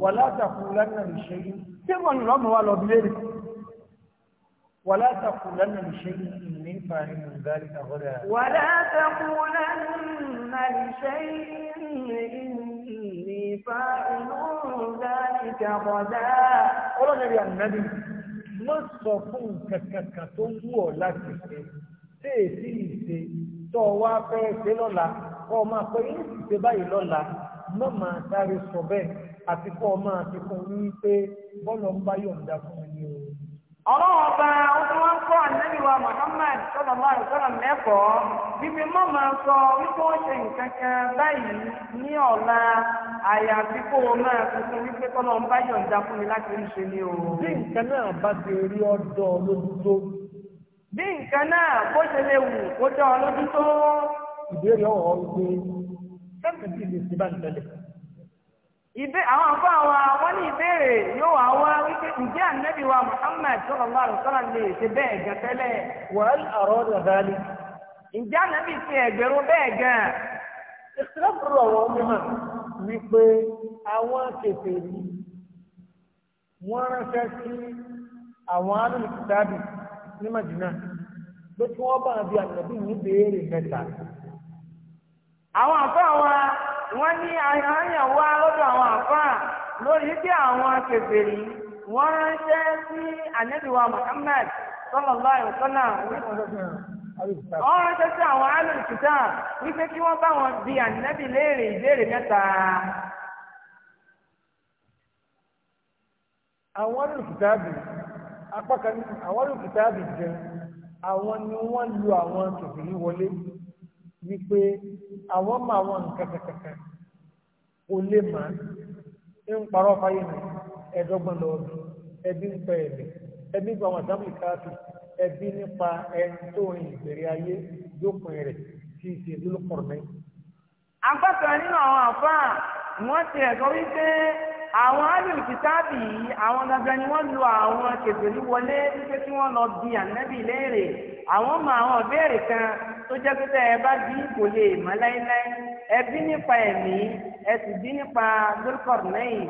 wàlá àtàkù lánàá ìṣẹ́yìn tí wọ́n ní lọ́mọ wa lọ bí léèrè wàlá àtàkù lánàá ìṣẹ́yìn ìní ìfààní ní ìgbàlì àgọ́dà. wàlá àtàkù lánàá ìṣẹ́yìn ìní ìfààní ní ìgbàlì àgọ́dà. ọlọ́dẹ̀rẹ̀ ànábì má sọ fún kàkàkà tó wù ọ́ láti ṣe téèsì ìṣe tó wá fẹ́ ṣe lọ́la kọ́ ọ máa pẹ́ yín sì ṣe báyìí lọ́la má máa sáré sọ bẹ́ẹ̀ àti kọ́ ọmọ àti fún un wípé bọ́ọ̀lù ń bá yọ̀ǹda fún un ní o. ọ̀rọ̀ ọba ọdún wọn kọ́ ànábì wa Muhammad sọ̀rọ̀ máa ń sọ̀rọ̀ mẹ́kọ̀ọ́ bíbí mọ́ máa sọ wípé wọ́n ṣe nǹkan kan báyìí ní ọ̀la àyàfi kó o máa tuntun wípé tọ́lọ́ ń bá fún mi láti ṣe ní o. bí nǹkan náà bá ti rí ọ̀dọ̀ lójútó. bí nǹkan náà bó ṣe lè wù kó dán ọ lójútó. ìbéèrè ọ̀hún ìbé àwọn afọ àwọn àwọn ní ìbéèrè yóò wá wá wípé ǹjẹ́ wa Muhammad sallallahu alaihi lè ṣe bẹ́ẹ̀ gan tẹ́lẹ̀. wàhálà a na ǹjẹ́ ànábì ti ẹ̀gbẹ̀rún bẹ́ẹ̀ gan. ìṣẹ́fúrú àwọn ọmọ hàn wípé àwọn kèfèrí wọ́n ránṣẹ́ sí àwọn alùpùpù ní Madina pé kí wọ́n bá àbí ní mẹ́ta. àwọn afọ àwọn. wọ́n ní àyàn wá lọ́dọ̀ àwọn àfáà lórí bí àwọn kèfèrí wọ́n ránṣẹ́ sí ànẹ́bíwá Muhammad sallallahu alaihi wasallam wọ́n ránṣẹ́ sí àwọn alùpùpù wípé kí wọ́n bá wọn bi ànẹ́bí léèrè ìbéèrè mẹ́ta. àwọn alùpùpù apá kan àwọn alùpùpù jẹ àwọn ni wọ́n lu àwọn kèfèrí wọlé. wípé àwọn ọmọ àwọn nǹkan kẹkẹkẹ kò lè mà ń parọ́ fáyé nà ẹ̀dọ́gbọ̀n lọ́ọ̀dù ẹbí ń pẹ́ ẹ̀mí ẹbí gba àwọn àdámù ìkáàtù ẹbí nípa ẹni tó rìn ìbẹ̀rẹ̀ ayé dópin rẹ̀ tí ì ṣe lólo pọ̀ náà. apáta nínú àwọn àfáà wọn ti ẹ̀kọ́ wípé àwọn alùpùpùtàbì àwọn gangan ni wọ́n lo àwọn kẹfẹ́lú wọlé wípé kí wọ́n lọ bí ànábì léèrè àwọn mọ àwọn béèrè kan tó jẹ́ pé tẹ́ ẹ bá bí kò lè mọ́ láéláé ẹ bí nípa ẹ̀mí ẹ sì bí nípa lórúkọ̀rọ̀ lẹ́yìn.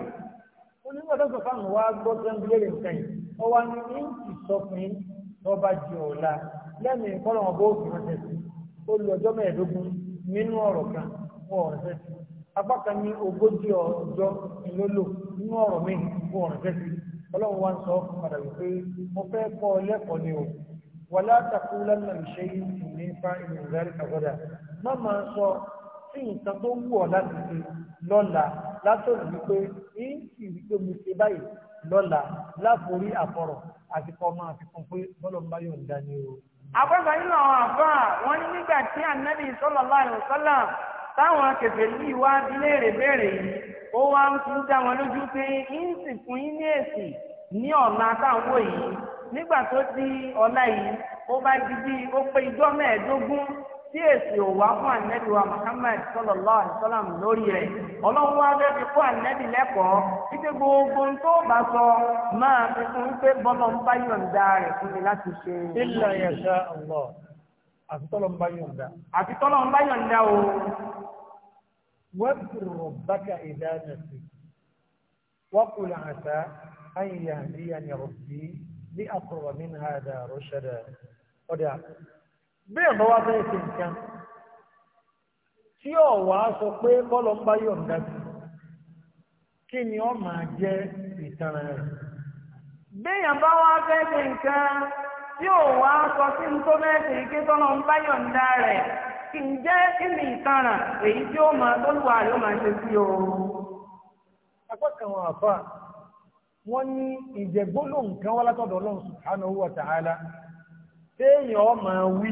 ó ní wọ́n dọ́gbọ̀n fáwọn wá gbọ́ tó ń béèrè nǹkan yìí ó wá ní íǹtì sọkùnrin tó bá di ọ̀la lẹ́mìí kọ́lọ̀ wọn bó fi ránṣẹ́ sí ó lu ọjọ́ mẹ́ẹ̀ẹ́dógún nínú ọ̀rọ̀ kan wọ́n ránṣẹ́ sí apá kan ní ogójì ọjọ́ ìlólò nínú ọ̀rọ̀ mi wọ́n ránṣẹ́ sí ọlọ́run wá ń sọ padà wípé mo fẹ́ kọ́ lẹ́kọ̀ọ́ ni o wàlá takúlá nàm ṣe yí ní fa ìrìnrìn àgbàdà má máa sọ sí nǹkan tó wù ọ láti ṣe lọ́la látọ̀nà wípé ní kì í pé mo ṣe báyìí lọ́la láforí àfọ̀rọ̀ àti kọ́ máa fi kún pé bọ́lọ̀ ń bá yóò ń dání o. àbọ̀bọ̀ nínú àwọn àbá wọn ní nígbà tí ànábì sallallahu alaihi táwọn kẹfẹ́ yìí wá léèrè béèrè yìí ó wá ń tún dá wọn lójú pé ń sì fún yín ní èsì ní ọ̀nà àtàwọn yìí nígbà tó di ọ̀la yìí ó bá di bí ó pé ijọ́ mẹ́ẹ̀ẹ́dógún tí èsì ò wá fún ànẹ́bí wa Muhammad sallallahu alaihi wasallam lórí rẹ̀ ọlọ́run wá fẹ́ fi fún ànẹ́bí lẹ́kọ̀ọ́ wípé gbogbo tó bá sọ máa fi fún pé bọ́lọ̀ ń bá yọ̀ǹda rẹ̀ fún mi láti ṣe. illa yasha Allah àti ń bá yọ̀ǹda. àti ń bá yọ̀ǹda o. wọ́n ti rọ̀ bákà ìdáná sí wọ́n kò àṣà أن يهديني ربي لأقرب من هذا رشدا bí ọ̀bọ̀ wá fẹ́ ṣe sọ pé bọ́lọ̀ ń bá yọ̀ǹda sí kí ni ọ máa jẹ́ ìtara rẹ̀ béèyàn bá wá fẹ́ ṣe nǹkan tí ọ̀wà sọ sí ń tó mẹ́sì kí bọ́lọ̀ ń bá yọ̀ǹda rẹ̀ kì ń jẹ́ kí ni ìtara èyí tí ó máa tó lùwà rẹ̀ máa ṣe sí wọ́n ní ìjẹ̀gbóló nǹkan wá látọ̀dọ̀ ọlọ́run subhanahu wa ta'ala téèyàn ọmọ wí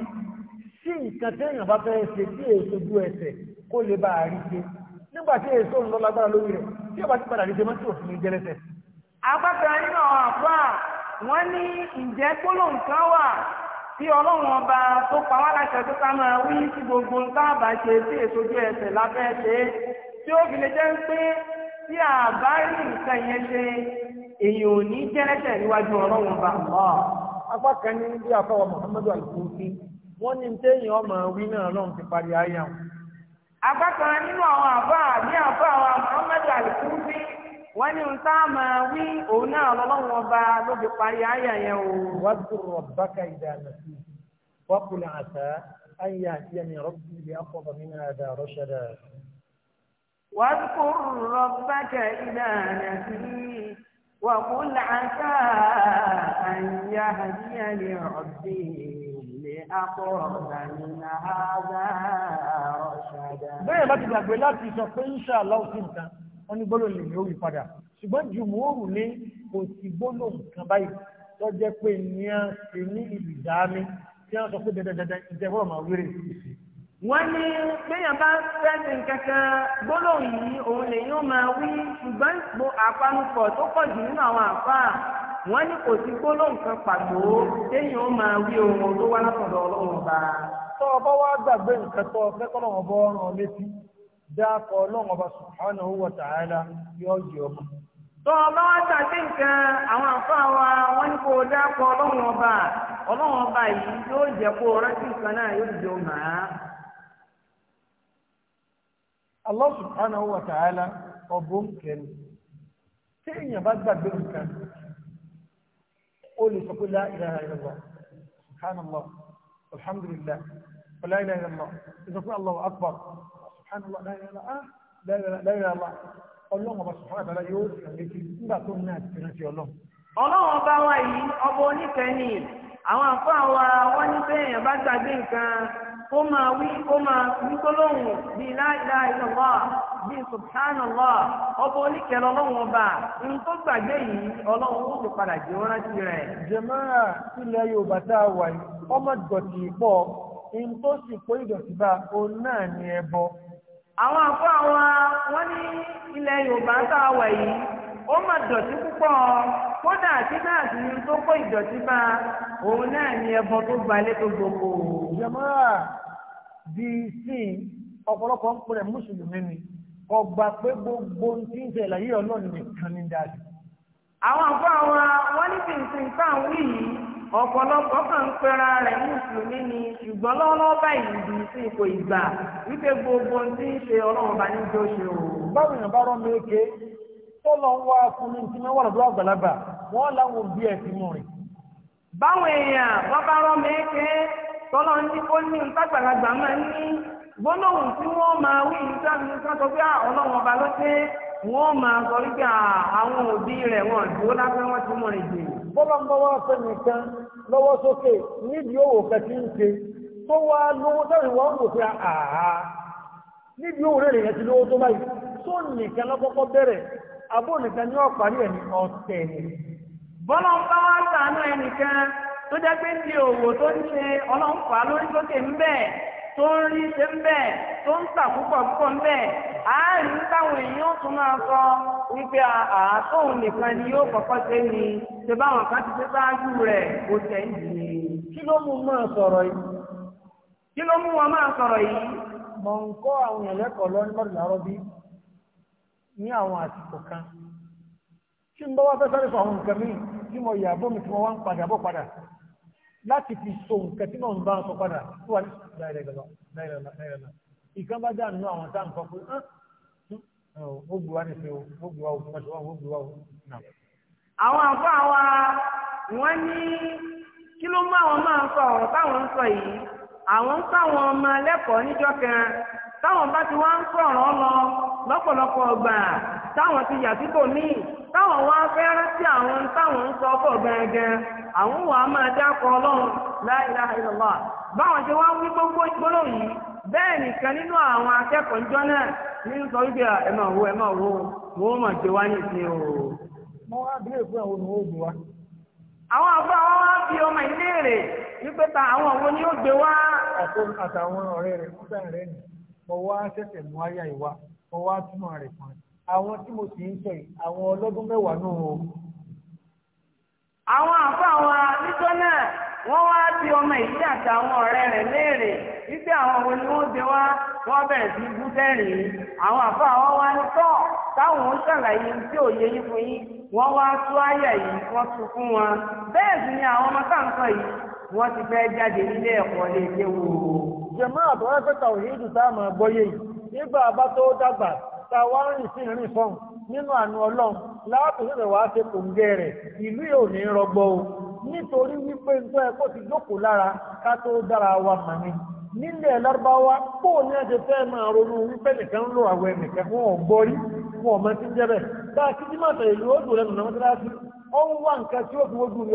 sí nǹkan téèyàn bá fẹ́ ṣe tí èso ojú ẹsẹ̀ kó lè bá a rí ṣe nígbà tí èso ń lọ lágbára lórí rẹ̀ tí ọba ti padà rí ṣe mọ́ tí òfin ní jẹ́lẹ́sẹ̀. apáta nínú àwọn àpá wọn ní ìjẹ́gbóló nǹkan wà tí ọlọ́run ọba tó pa wá láṣẹ tó ká máa wí sí gbogbo nǹkan àbáṣe tí èso ojú ẹsẹ̀ láfẹ́ ṣe tí ó fi lè jẹ́ pé tí àbá rí nǹkan yẹn ṣe èèyàn ò ní jẹ́rẹ́tẹ̀ níwájú ọlọ́run bá ọ̀ apá kan ní bí afọwọ́ muhammadu alukufi wọ́n ní téèyàn ọmọ wí náà ọlọ́run ti parí ayà wọn. apá kan nínú àwọn àbá ní àbá àwọn muhammadu alukufi wọ́n ní nta máa wí òun náà ọlọ́run ọba ló parí yẹn o. wàá bákà ìdáná sí i وقل عسى أن يهدي لربي لأقرب من هذا bẹ́ẹ̀ bá ti gbàgbé láti sọ pé insha Allah sí nǹkan wọ́n ní gbọ́dọ̀ lè yóò yí padà ṣùgbọ́n jùmọ̀ọ́rù ní kò sí gbọ́dọ̀ nǹkan báyìí tó jẹ́ pé ní a ṣe ní ìlú dáámi tí wọ́n sọ pé dandandandan ìjẹ́wọ́ máa wéré ìsìn. wọ́n ní gbẹ̀yàn bá fẹ́ẹ́ kankan gbólóhùn yìí òun lèyìn ó máa wí ṣùgbọ́n ipò àpanupọ̀ tó pọ̀ jù nínú àwọn àfáà wọ́n ní kò sí gbólóhùn kan pàtó téèyàn máa wí ohun tó wá látọ̀dọ̀ ọba. tó o bá wá gbàgbé nǹkan tó o fẹ́ kọ́ lọ́wọ́ bọ́ ọ̀ràn létí ọlọ́run ọba subhanahu o bá Allah subhanahu wa ta'ala ọ̀bùn kẹrin tí èèyàn bá gbàgbé nǹkan ó lè sọ pé la ilaha illallah subhanallah alhamdulillah la ilaha illallah ìsọ pé Allahu akbar subhanallah ah, la ilaha illallah ọlọ́run ọba subhanahu wa ta'ala yóò sàn létí nígbà tó ní àti rántí ọlọ́run. ọlọ́run ọba wa yìí ọba oníkẹ́ni àwọn àfọ kó máa wí kó máa wí gbólóhùn bíi la ilaha illallah bíi subhanallah ọba oníkẹlẹ ọlọ́run ọba ń tó gbàgbé yìí ọlọ́run ó lè padà jẹ́ wọ́n rántí rẹ̀. jàmáà ilẹ̀ yorùbá tá a wà yìí ọmọ ìdọ̀tí pọ̀ ń tó sì kó ìdọ̀tí bá òun náà ní ẹbọ. àwọn àfọ àwọn wọn ní ilẹ̀ yorùbá tá a wà yìí ó mà dọ̀tí púpọ̀ kódà tí náà sì ní tó kó ìdọ̀tí bá òun náà ní ẹbọ tó balẹ̀ tó gbogbo. jamaa di sin ọ̀pọ̀lọpọ̀ ń pèrè mùsùlùmí mi ọgbà pé gbogbo ohun tí ń ṣẹlẹ̀ yìí ọlọ́run nìkan ní dájú. àwọn àbọ̀ àwọn wọn ní tìǹtìǹ táwọn wí yìí ọ̀pọ̀lọpọ̀ kan ń pera rẹ̀ mùsùlùmí ni ṣùgbọ́n lọ́wọ́lọ́wọ́ báyìí di sí ipò ìgbà wípé gbogbo ohun tí ń ṣe ọlọ́run bá ní jó ṣe o. báwo ni bá rọ́ mi ó ké tọ́lọ̀ ń wá fún ní ti mẹ́wàá lọ́dọ̀ àgbàlagbà wọ́n láwọn òbí ẹ̀ ti mú rìn. báwọn èèyàn wọ́n bá rọ́ mi pé tọ́lọ̀ ń ní ní ìtàgbàlagbà máa ń ní gbólóhùn tí wọ́n máa wí ọba ló ṣe wọ́n sọ wípé àwọn òbí rẹ̀ wọ́n dúró lápẹ́ wọ́n ti rìn jù. lọ́wọ́ sókè òwò abó nìkan ní ọ̀parí ẹ̀ ní ọ̀tẹ̀ ni bọ́lá ń bá wá sànú ẹnìkan tó jẹ́ pé ní òwò tó ń ṣe ọlọ́ǹfà lórí sókè ń bẹ̀ tó ń rí ṣe ń bẹ̀ tó ń tà púpọ̀ púpọ̀ ń bẹ̀ àárín táwọn èèyàn tún máa sọ wípé nìkan ni yóò kọ́kọ́ ni ṣe báwọn kan ti ṣe ṣáájú rẹ̀ kò tẹ̀ ń dì í kí ló mú mọ̀ ń kọ́ àwọn èèyàn lẹ́kọ̀ọ́ ní àwọn àsìkò kan tí ń bọ́ wá fẹ́ sáré fún àwọn nǹkan míì tí mo yà bọ́ mi tí mo wá ń padà bọ́ padà láti fi so nǹkan tí mo ń bá ń sọ padà tó wà ní náírà ìkan bá dànù ní àwọn tá à ń kọ pé ó gbé wá nífẹ̀ẹ́ o ó gbé wá o mọ̀tò wá o gbé wá o. àwọn àbá wa wọ́n ní kí ló mú àwọn máa ń sọ ọ̀rọ̀ táwọn ń sọ yìí àwọn ń kọ́ àwọn ọmọ ẹlẹ́kọ̀ọ́ níjọ́ kan táwọn bá ti wá ń sọ̀rọ̀ lọ lọ́pọ̀lọpọ̀ ọgbà táwọn ti yà síbò míì táwọn wá fẹ́ rántí àwọn táwọn ń sọ bọ̀ gẹ́gẹ́ àwọn wà á máa dákọ̀ ọlọ́run la ilaha báwọn ṣe wá gbogbo yìí bẹ́ẹ̀ nìkan nínú àwọn akẹ́kọ̀ọ́ ìjọ náà ní sọ wípé ẹ máa wo ẹ máa wo mo ṣe wá ní o. wá bí èkó àwọn wa. àwọn àbúrò àwọn wá fi ọmọ ìléèrè wípé ta àwọn òun ni ó gbé àtàwọn ọ̀rẹ́ rẹ̀ ọwọ́ wá ṣẹ̀ṣẹ̀ mú iwa, ìwà mo túmọ̀ rẹ̀ kan àwọn tí mo sì ń sọ yìí àwọn ọlọ́dún mẹ́wàá náà o. àwọn wa níjọ́ náà wá bí ọmọ ìdí àtàwọn rẹ̀ léèrè wípé àwọn ni wọn wá wọn wá ní táwọn ń ṣàlàyé tí ò yín fún yín wá tú yìí fún wọn sì àwọn ọmọ yìí wọ́n ti jáde nílé ẹ̀kọ́ lè jẹ̀mọ́ àtọ́wọ́ pẹ́ta òhìdù tá a máa gbọ́yé yìí nígbà bá tó dàgbà ta wá rìn sí ìrìn fọ́n nínú àánú ọlọ́run wá ṣe o nítorí wípé ń tọ́ ti jókòó lára ká tó dára wa mà ní nílẹ̀ lárúbáwá kó ní ẹ̀jẹ̀ fẹ́ máa ronú wípé nìkan ń ẹnìkan tí ń jẹ́ bẹ́ẹ̀ bá a ti màtà ìlú ó dùn lẹ́nu náà mọ́tíláṣí ó ń wá nǹkan tí ó fi wójú rí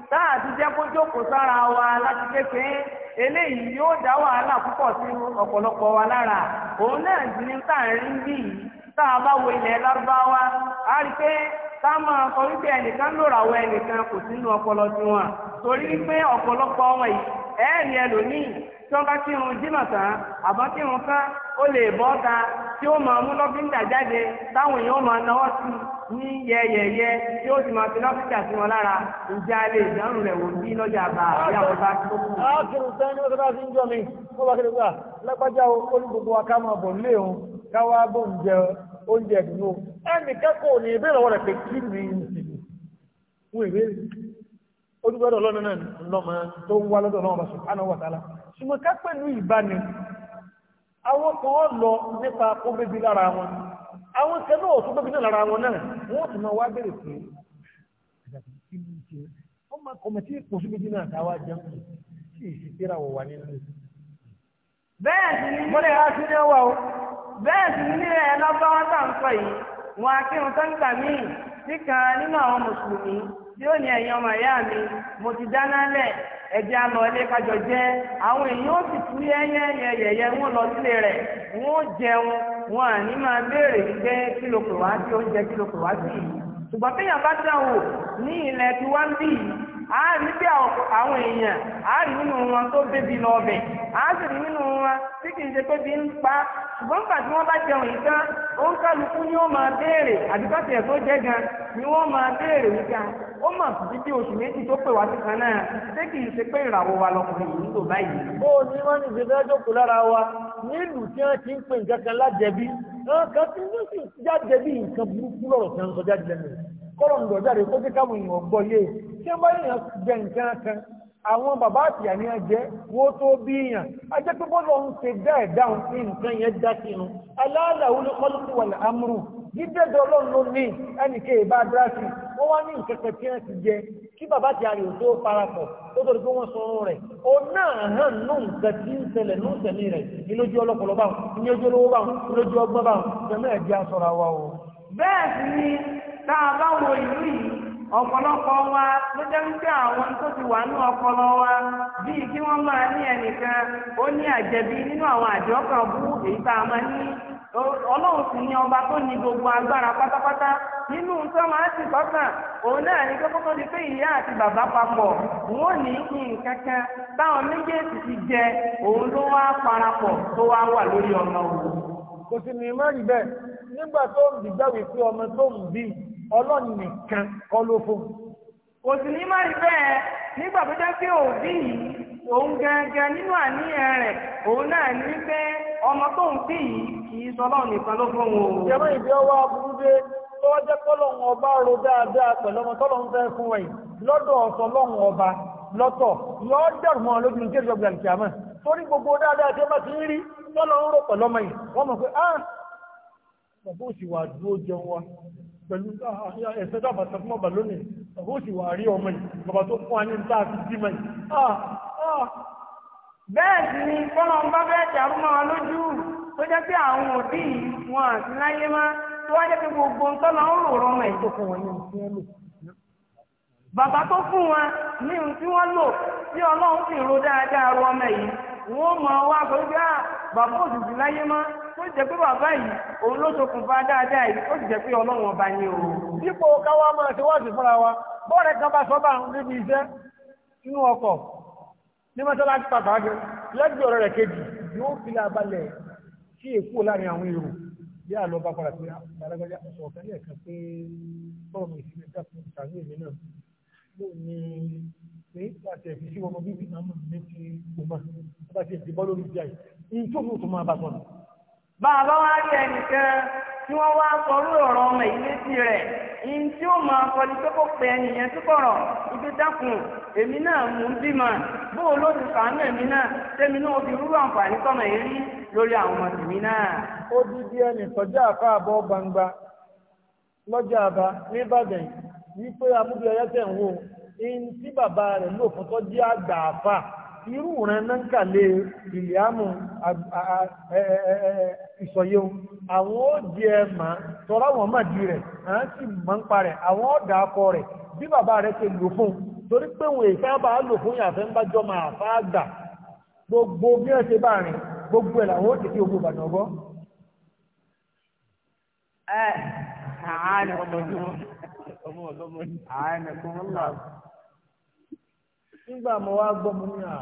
táà ti jẹ́ kó jókòó sára wa láti kékeré eléyìí yóò dá wàhálà púpọ̀ sí ọ̀pọ̀lọpọ̀ wa lára òun náà sì ní ń rí bí tá a bá wo ilẹ̀ lárúbáwá a rí pé ká máa sọ wípé ẹnìkan ẹnìkan kò sínú ọpọlọ tiwọn torí pé ọ̀pọ̀lọpọ̀ wọn yìí tí wọ́n bá kírun jìnnà tán àbọ̀ kírun tán ó lè bọ́ ta tí ó máa mú lọ́fíńdà jáde táwọn èèyàn máa náwó sí ní yẹyẹyẹ tí ó sì máa fi lọ́fíńdà sí wọn lára ìjà lè dánrùn rẹ̀ wò bí lọ́jà bá àbí àwọn bá tó kù. ákìrù sẹ́ni ó sọ́dọ̀ sí ń jọ mi ó bá kiri gbà lápájá olùgbogbo aká máa bọ̀ nílé òun káwá bó ń jẹ oúnjẹ ìdùnnú ẹnì kẹ́kọ̀ọ́ ní ìbéèrè olùgbọ́dọ̀ ọlọ́run náà lọ́mọ tó wá lọ́dọ̀ náà ọmọ subhanahu wa ta'ala ṣùgbọ́n ká pẹ̀lú ìbáni àwọn kan lọ nípa kó bébí lára wọn àwọn kan náà tó bébí náà lára wọn náà wọ́n ti máa wá bèrè pé wọ́n máa kọ̀mọ̀ tí kò sí méjì náà táwa jẹun sí ìsìtìra wọ̀ wá nínú bẹ́ẹ̀ sì ni wọ́n lè ha sí ní ọwọ́ o bẹ́ẹ̀ sì ni nílẹ̀ ẹ̀ lọ́bọ́ wọn tà ń sọ yìí wọn akírun tó ń gbà míì tí ó ní ẹ̀yin ọmọ ìyá mi mo ti dáná lẹ̀ ẹ̀jẹ̀ àná ilé kájọ jẹ́ àwọn èèyàn ó sì tú yẹ́yẹ́yẹ́yẹ́ wọn lọ sílé rẹ̀ wọn ó jẹun wọn à máa béèrè pé kí ló pè wá sí oúnjẹ kí ló pè wá sí yìí ṣùgbọ́n téèyàn bá dáwò ní ilẹ̀ tiwa ń bì a rí bí àwọn èèyàn a rí nínú wọn tó bébí lọ ọbẹ̀ a sì rí nínú wọn tí kì í ṣe pé bí ń pa ṣùgbọ́n nígbà tí wọ́n bá jẹun yìí tán ó ń kálukú ni ó máa béèrè àdìgbàtì ẹ̀ tó jẹ́ gan ni wọ́n máa béèrè wípé ó mà sí bí oṣù méjì tó pè wá sí kan náà ṣé kì í ṣe pé ìràwọ̀ wa lọkùnrin yìí ń báyìí. bó o ní wọ́n ní ìṣèdájọ́ kò lára wa nílùú tí wọ́n ti ń pè nǹkan kan lájẹ̀bi nǹkan tí wọ́n sì jáde bí nǹkan burúkú lọ́rọ̀ kọ́rọ̀ ń lọ́jáde kó jẹ́ káwọn èèyàn gbọ́ yé tí wọ́n bá yàn jẹ nǹkan kan àwọn bàbá àti àníyàn jẹ wọ́n tó bí yàn a jẹ́ pé bọ́lọ̀ ń ṣe dá ẹ̀ dáhùn sí nǹkan yẹn já sínú aláàlàwò ló kọ́ lókù wà láàmúrù jíjẹ́jọ́ ọlọ́run ló ní ẹnìké ìbá adúrásì wọ́n wá ní nǹkan kan tí wọ́n ti jẹ kí bàbá àti àrí ò tó parapọ̀ ó tó di pé wọ́n sọ̀rọ̀ rẹ̀ ó náà hàn ní nǹkan tí ń ṣẹlẹ̀ ní ìṣẹ̀lẹ̀ rẹ̀ ìlójú ọlọ́pọ̀lọ́ báwọn ìlójú olówó báwọn ìlójú ọgbọ́n báwọn ìṣẹ̀lẹ̀ ẹ̀jẹ̀ aṣọra wa o bẹ́ẹ̀ ni tá a bá wo yìí ọ̀pọ̀lọpọ̀ wa ló jẹ́ wípé àwọn tó ti wà ní ọpọlọ wa bíi kí wọ́n máa ní ẹnìkan ó ní àjẹbí nínú àwọn àjọ kan bú èyí tá a máa ní ọlọ́run sì ni ọba tó ní gbogbo agbára pátápátá nínú tó máa ti òun náà ní kókó tó di pé ìyá àti bàbá papọ̀ wọn ò ní nǹkan kan táwọn méjèèjì ti jẹ òun ló wá parapọ̀ tó wá wà lórí ọmọ òun. nígbà tó ń dìgbà wípé ọmọ tó ń bí ọlọ́run nìkan kọ́ ló fún un. kò sì ní má rí bẹ́ẹ̀ nígbà tó jẹ́ pé òbí yìí òun gangan nínú àníyàn rẹ̀ òun náà ní pé ọmọ tó ń bí yìí kì í sọ ọlọ́run nìkan ló fún un. ìjọba ìdí ọwọ́ aburú dé tọ́wọ́ jẹ́ kọ́lọ́hún ọba ro dáadáa pẹ̀lú ọmọ tọ́lọ́hún fẹ́ fún ẹ̀yìn lọ́dọ̀ ọ̀sán lọ́hún ọba lọ́tọ̀ yọ́ dẹ̀rù mọ́ lójú ní kéjọba ìkìyàmọ́ torí gbogbo dáadáa tí ó bá ti ń rí tọ́lọ́hún rò pẹ̀lú ọmọ yìí wọ́n mọ̀ pé ah bàbá òsì wà dúró jẹun wa pẹ̀lú ẹ̀sẹ̀ dábà sọ fún lónìí bàbá òsì wà rí ọmọ yìí bàbá tó fún wa ní níta àti bímọ yìí. Ah, ah. bẹ́ẹ̀ ni kọ́nà bá bẹ́ẹ̀ dàrú mọ́ wa lójú tó jẹ́ pé àwọn òbí wọn àti láyé má tó wá jẹ́ pé gbogbo ń tọ́nà ń rò rọmọ ètò fún wọn ní ìfún lò. bàbá tó fún wọn ní ìfún wọn lò tí ọlọ́run sì ro dáadáa rọ ọmọ yìí wọ́n mọ̀ wá sọ wípé à ah, bàbá òdùdù láyé mọ́ tó jẹ́ pé bàbá yìí òun ló ṣokùnfà dáadáa yìí ó sì jẹ́ pé ọlọ́run ọba ni o. dípò káwá máa ṣe wáṣí fúnra wa bọ́ọ̀rẹ́ kan bá sọ bá ń débi iṣẹ́ inú ọkọ̀ ní mọ́tọ́lájú pàpà jẹ lẹ́gbẹ̀ẹ́ ọ̀rẹ́ rẹ̀ kejì yóò fi lábalẹ̀ sí èkó láàrin àwọn èrò bí àlọ́ bá padà sí alágbájá ọ̀sọ̀ ọ̀kan lẹ́ẹ̀kan pé bọ́ọ̀mù ìsinmi dákun tàbí èmi náà mo ní pé láti ẹ̀fí sí ọmọ bíbí àmọ́ mi ti kò máa bá ti dìbọ́ lórí ìjà yìí tó kù tó máa bá sọ̀rọ̀. bàbá wa rí ẹnìkan tí wọ́n wá sọ orí ọ̀rọ̀ ọmọ yìí létí rẹ̀ ìyìn tí ó máa sọ ni pé kó pe ẹnìyẹn tó kọ̀rọ̀ ibi dákun èmi náà mú un bímọ bóun ló ti sàánú èmi náà tẹ́mi náà ó fi rúrú àǹfààní sọ̀nà yìí rí lórí àwọn ọmọ tèmi náà. ó di bí ẹnì sọjá àfáàbọ̀ gbangba lọ́jà àbá nìbàdàn wípé amúbíọyẹ tẹ̀ ń wò ìyìn tí bàbá rẹ̀ lò fún tọ́jú àgbà àfáà irú rẹ̀ náà ń kàlẹ̀ ìlíàmù ìsọ̀yẹun àwọn ó di ẹ tọ́rọ àwọn rẹ̀ sì mọ́ ń pa rẹ̀ àwọn ọ̀dà akọ rẹ̀ bí bàbá rẹ̀ lò fún torí pé òun bá lò fún ń bá jọ máa gbà gbogbo nígbà mo wá gbọ́ mo ní à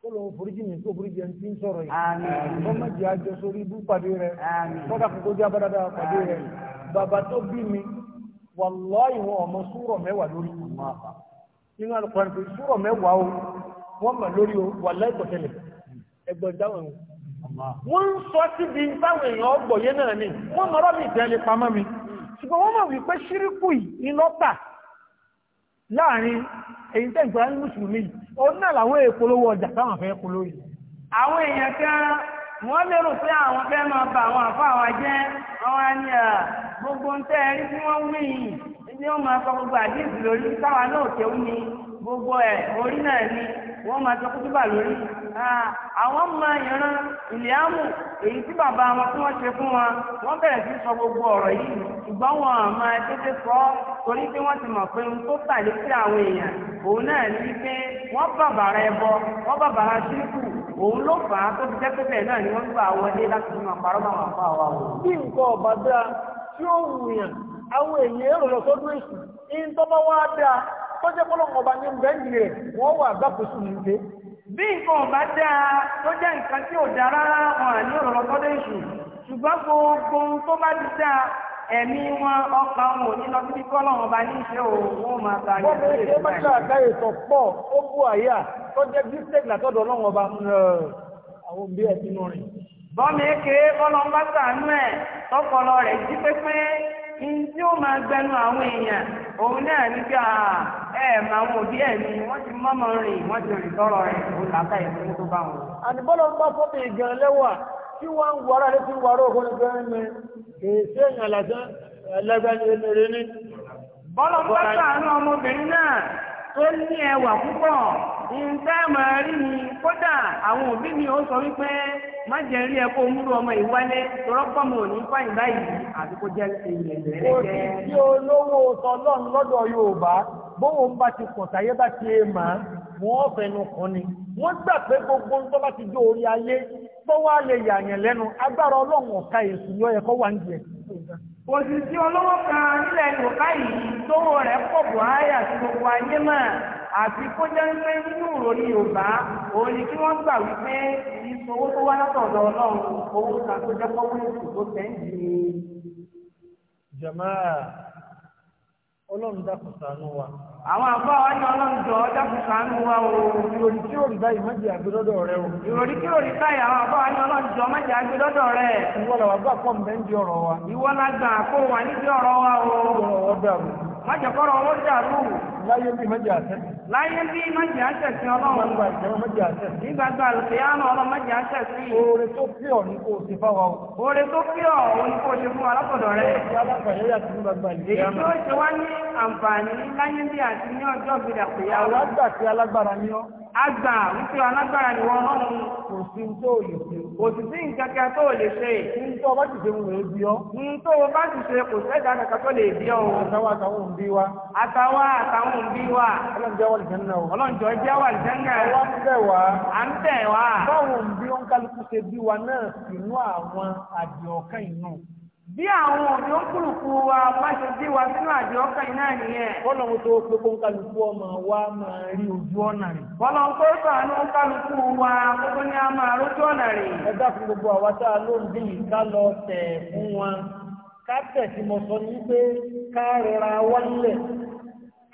kó ló ń foríjì mi kó foríjì ẹni tí ń sọ̀rọ̀ yìí kó má jẹ́ àjọ sórí ibú pàdé rẹ kódà kókó jẹ́ abádáda pàdé rẹ bàbá tó bí mi wàláhì wọn ọmọ súrọ̀ mẹ́wàá lórí nínú alùpàdé pé súrọ̀ mẹ́wàá o wọ́n mọ̀ lórí o wàláhì ìkọ̀tẹ́lẹ̀ ẹgbẹ́ dáwọn wọ́n ń sọ síbi táwọn èèyàn ọgbọ̀yé náà ni wọ́n mọ̀rọ́ mi ìtẹ́lẹ̀ pamọ́ mi ṣùgbọ́n wọ́n mọ̀ wípé ṣíríkù láàrin èyí tẹ́ ìgbà ní mùsùlùmí òun náà làwọn èèpolówó ọjà táwọn fẹ́ polówó yìí. àwọn èèyàn kan wọ́n lérò pé àwọn fẹ́ máa ba àwọn àfa àwọn jẹ́ àwọn àni à gbogbo ń tẹ́ rí tí wọ́n wí yìí ní wọ́n máa sọ gbogbo àdéhùn lórí táwa náà tẹ́wọ́ ni gbogbo ẹ orí náà ni wọ́n máa sọ kútúbà lórí àwọn máa yànran ìlíàmù èyí tí bàbá wọn tí wọ́n ṣe fún wọn wọ́n bẹ̀rẹ̀ sí sọ gbogbo ọ̀rọ̀ yìí ṣùgbọ́n wọn máa tètè sọ torí pé wọ́n ti mọ̀ pé ohun tó tà sí àwọn èèyàn òun náà ní wọ́n òun wọ́n gbà wọlé láti fi máa fà wò. bí nǹkan tọ́jẹ́ pọ́lọ́mọ ọba ní bẹ́ẹ̀ni rẹ̀ wọ́n wà gbàkóso ní ṣe. bí nǹkan ọba dáa tó jẹ́ nǹkan tí ò dáa rárá wọn àní ọ̀rọ̀ lọ́dọ̀ èṣù ṣùgbọ́n gbogbo tó bá ti dáa ẹ̀mí wọn ọkà wọn ò ní lọ sí pọ́lọ́mọ ọba ní ìṣe òun máa ta ní ìṣe ìṣe ìṣe ìṣe ìṣe ìṣe pọ̀ ó bú àyà tó jẹ́ bíṣẹ́ẹ̀kì látọ̀dọ̀ ọlọ́run ọba ń rẹ̀ ntí ó máa gbẹnu àwọn èèyàn òun náà ní a ẹ mọ àwọn òbí ẹ ní wọ́n ti mọmọ rìn wọ́n ti rìn tọrọ rẹ ó làákà ẹ fún tó bá wọn. àdìbọ́lọ̀ ń bá fọ́tò ìgàn lẹ́wà tí wọ́n ń wọ́ra létí wọ́rọ́ òkú ní bẹ́ẹ̀ ni kìí ni ní. bọ́lọ̀ ń bá tó ní ẹwà púpọ̀ nǹkan máa rí ni kódà àwọn òbí mi ó sọ wípé má jẹ́ rí ẹ kó múlò ọmọ ìwálé tọrọpọ̀ ní fáyìn báyìí àti kó jẹ́ ìyẹn lẹ́lẹ́gẹ́. òbí tí olówó tọlọ́run lọ́dọ̀ Yorùbá bóun bá ti pọ̀ táyé bá ti ni wọ́n gbà pé gbogbo ń tọ́ bá ti jó orí ayé bọ́wọ́ yàyàn lẹ́nu agbára Ọlọ́run ọ̀ka òṣìṣẹ́ olówó kan nílẹ̀ yorùbá yìí tówó rẹ̀ pọ̀ buhari àti gbogbo ayé mọ̀ àti kó jẹ́ pé nínú ìròyìn yorùbá òun ni kí wọ́n gbà wípé kì í sọ owó tó wá látọ̀dọ̀ ọlọ́run owó kan tó jẹ́ pọ́wọ́ èsì tó tẹ̀ ń jì ní ọlọ́run dákun ṣàánú wa. àwọn àbá wa ní ọlọ́run jọ dákun ṣàánú wa o. ìròrí tí yóò rí báyìí má jẹ́ àgbélọ́dọ̀ rẹ o. ìròrí tí yóò rí báyìí àwọn àbá wa ní ọlọ́run jọ má jẹ́ àgbélọ́dọ̀ rẹ. ìwọ làwọn àgbà pọ̀ mbẹ́ ọ̀rọ̀ wa. ìwọ la kó wà nídìí ọ̀rọ̀ wa o. ọ̀rọ̀ ọ̀dà mi májàkọ́rọ̀ owó dàrú. láyé bí májà àṣẹ. láyé bí májà àṣẹ sí ọlọ́run. nígbà ìjẹun májà àṣẹ. nígbà gba àlùkìyàmọ̀ ọlọ́run májà àṣẹ sí. oore tó pí ọ̀ ní kò sí fáwọn o. oore tó pí ọ̀ ò ní kò ṣe fún wa lọ́pọ̀dọ̀ rẹ̀. èyí tó ṣe wá ní àǹfààní láyé bí àti ní ọjọ́ gbìdàpẹ̀yà. àwọn àgbà tí alágbára ní ọ. àgbà wípé alágbára ni wọn lọ́rùn kò sí tó lè ṣe kò sì sí nǹkan kan tó lè ṣe ní tó bá ti ṣe ń lè bí ọ. tó bá ṣe kò sẹ́dá kankan tó lè bí ọ. àtàwọn àtàwọn òǹbí wa. àtàwọn àtàwọn òǹbí wa. ọlọ́njọ́ wà lìjẹ́ náà o. ọlọ́njọ́ jẹ́ wà lìjẹ́ náà. ń bẹ̀ wá. à ń bẹ̀ wá. báwo òǹbí ó ń kálukú ṣe bí bí àwọn òbí ń kúrùkù wa bá ṣe dé wa sínú àjọ ọkàn iná nìyẹn. bọ́lá ń tó pé kó ń kálukú ọmọ wa máa rí ojú ọ̀nà rẹ̀. bọ́lá ń kó sànú kálukú wa kókó ní a máa rójú ọ̀nà rẹ̀. ẹ dákun gbogbo àwa tá a ló ń bí ká lọ tẹ̀ fún wọn. ká tẹ̀ sọ ní pé ká rẹra wá lẹ̀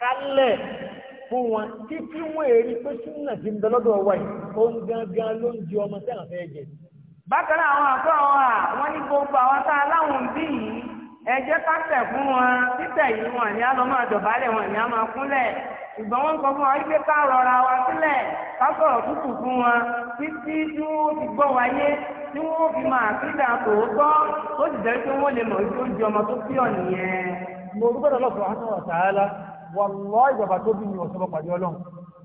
ká lẹ̀ fún títí èrí pé ti ń wa yìí bákan náà àwọn àgbà wa wọ́n ní gbogbo àwọn tá a láwọn bí yìí ẹ jẹ́ fún wọn títẹ̀ yìí wọn ni a lọ máa dọ̀bálẹ̀ wọn ni a máa kúnlẹ̀ ìgbọ́n wọn kọ fún wa wípé ká rọra wa sílẹ̀ ká sọ̀rọ̀ tútù fún wọn títí tí wọ́n ti gbọ́ wáyé tí wọ́n fi máa sídà tòótọ́ tó sì jẹ́ pé wọ́n lè mọ̀ wípé di ọmọ tó pí ọ̀ nìyẹn. mo gbọ́dọ̀ lọ́sọ̀rọ̀ àtàwọn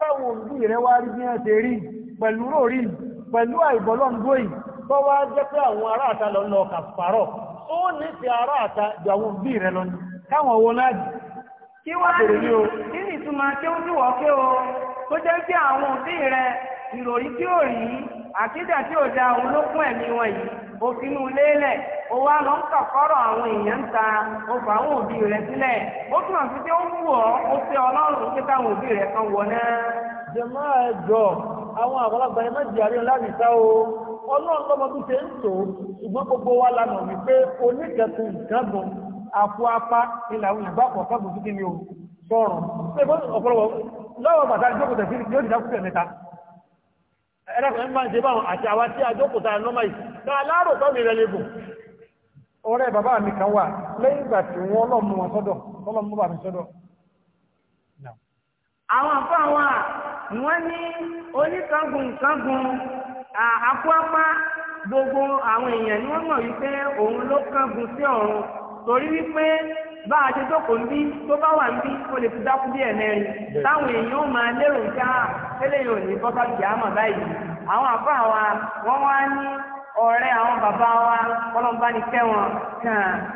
táwọn olùdíje rẹ̀ wá rí bí wọ́n ṣe rí pẹ̀lú rórì pẹ̀lú àìbọ̀lọ́ngbòyì tó wá jẹ́ pé àwọn aráàta lọ lọ kàfàrọ̀ ó ní ti aráàta ju àwọn òbí rẹ̀ lọ káwọn owó ní kí ni kí ó o tó jẹ́ pé àwọn òbí rẹ̀ tí ò rí àkídà tí ò òun ló kún òfinú lélẹ̀ ó wá lọ ń kọ̀kọ́rọ̀ àwọn èèyàn ń ta ó fà àwọn òbí rẹ̀ sílẹ̀ ó túmọ̀ sí pé ó wù ọ́ ó fẹ́ ọlọ́run pé kan wọ̀ náà. jẹ̀mọ́ jọ àwọn àgbàlagbà yẹn àríyàn láti sá o ọlọ́run lọ́mọ tó gbogbo wa lànà wípé ìkẹ́gùn àpò apá kí ni o sọ̀rọ̀ ẹ̀rẹ́kùn ń bá ń ṣe báwọn àti àwa tí a jókòta nọ́mà yìí ká aláàrò tó mi rẹ̀lẹ́bù ọ̀rẹ́ bàbá mi kan wà lẹ́yìn ìgbà tí wọ́n lọ́mú wọn sọ́dọ̀ lọ́mú bàbá mi sọ́dọ̀ àwọn àfáà wà wọ́n ní oníkangun kangun àkúápá gbogbo àwọn èèyàn ni wọ́n mọ̀ wípé òun ló kangun sí ọ̀run torí wípé bá a ṣe ń bí tó bá wà ń bí o lè fi dákú bí ẹ̀mẹ́rin táwọn èèyàn máa lérò nǹkan ah, eléyìí ò ní bọ́sá báyìí àwọn àbá wa wọ́n wá ní ọ̀rẹ́ àwọn bàbá wa wọn kàn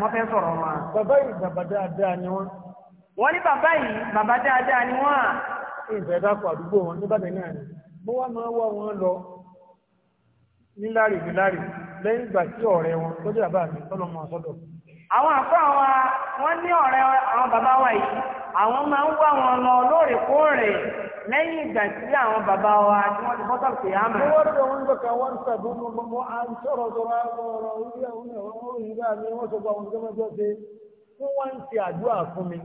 wọ́n fẹ́ sọ̀rọ̀ wọn. bàbá yìí bàbá ní bàbá wọn ní náà ni mo wá máa wọn lọ lẹ́yìn ìgbà tí ọ̀rẹ́ àwọn àfọ àwọn wọn ní ọ̀rẹ́ àwọn bàbá wa yìí àwọn máa ń wá wọn lọ lóòrèkóòrè lẹ́yìn ìgbà tí àwọn bàbá wa tí wọ́n ti bọ́tọ̀ pè á mọ̀. wọ́n tó ń dọ̀ka wọ́n ń tàbí mọ́ mọ́ à ń sọ̀rọ̀ sọ̀rọ̀ àwọn àwọn mi wọ́n sọ pé àwọn ń ṣe àdúrà fún mi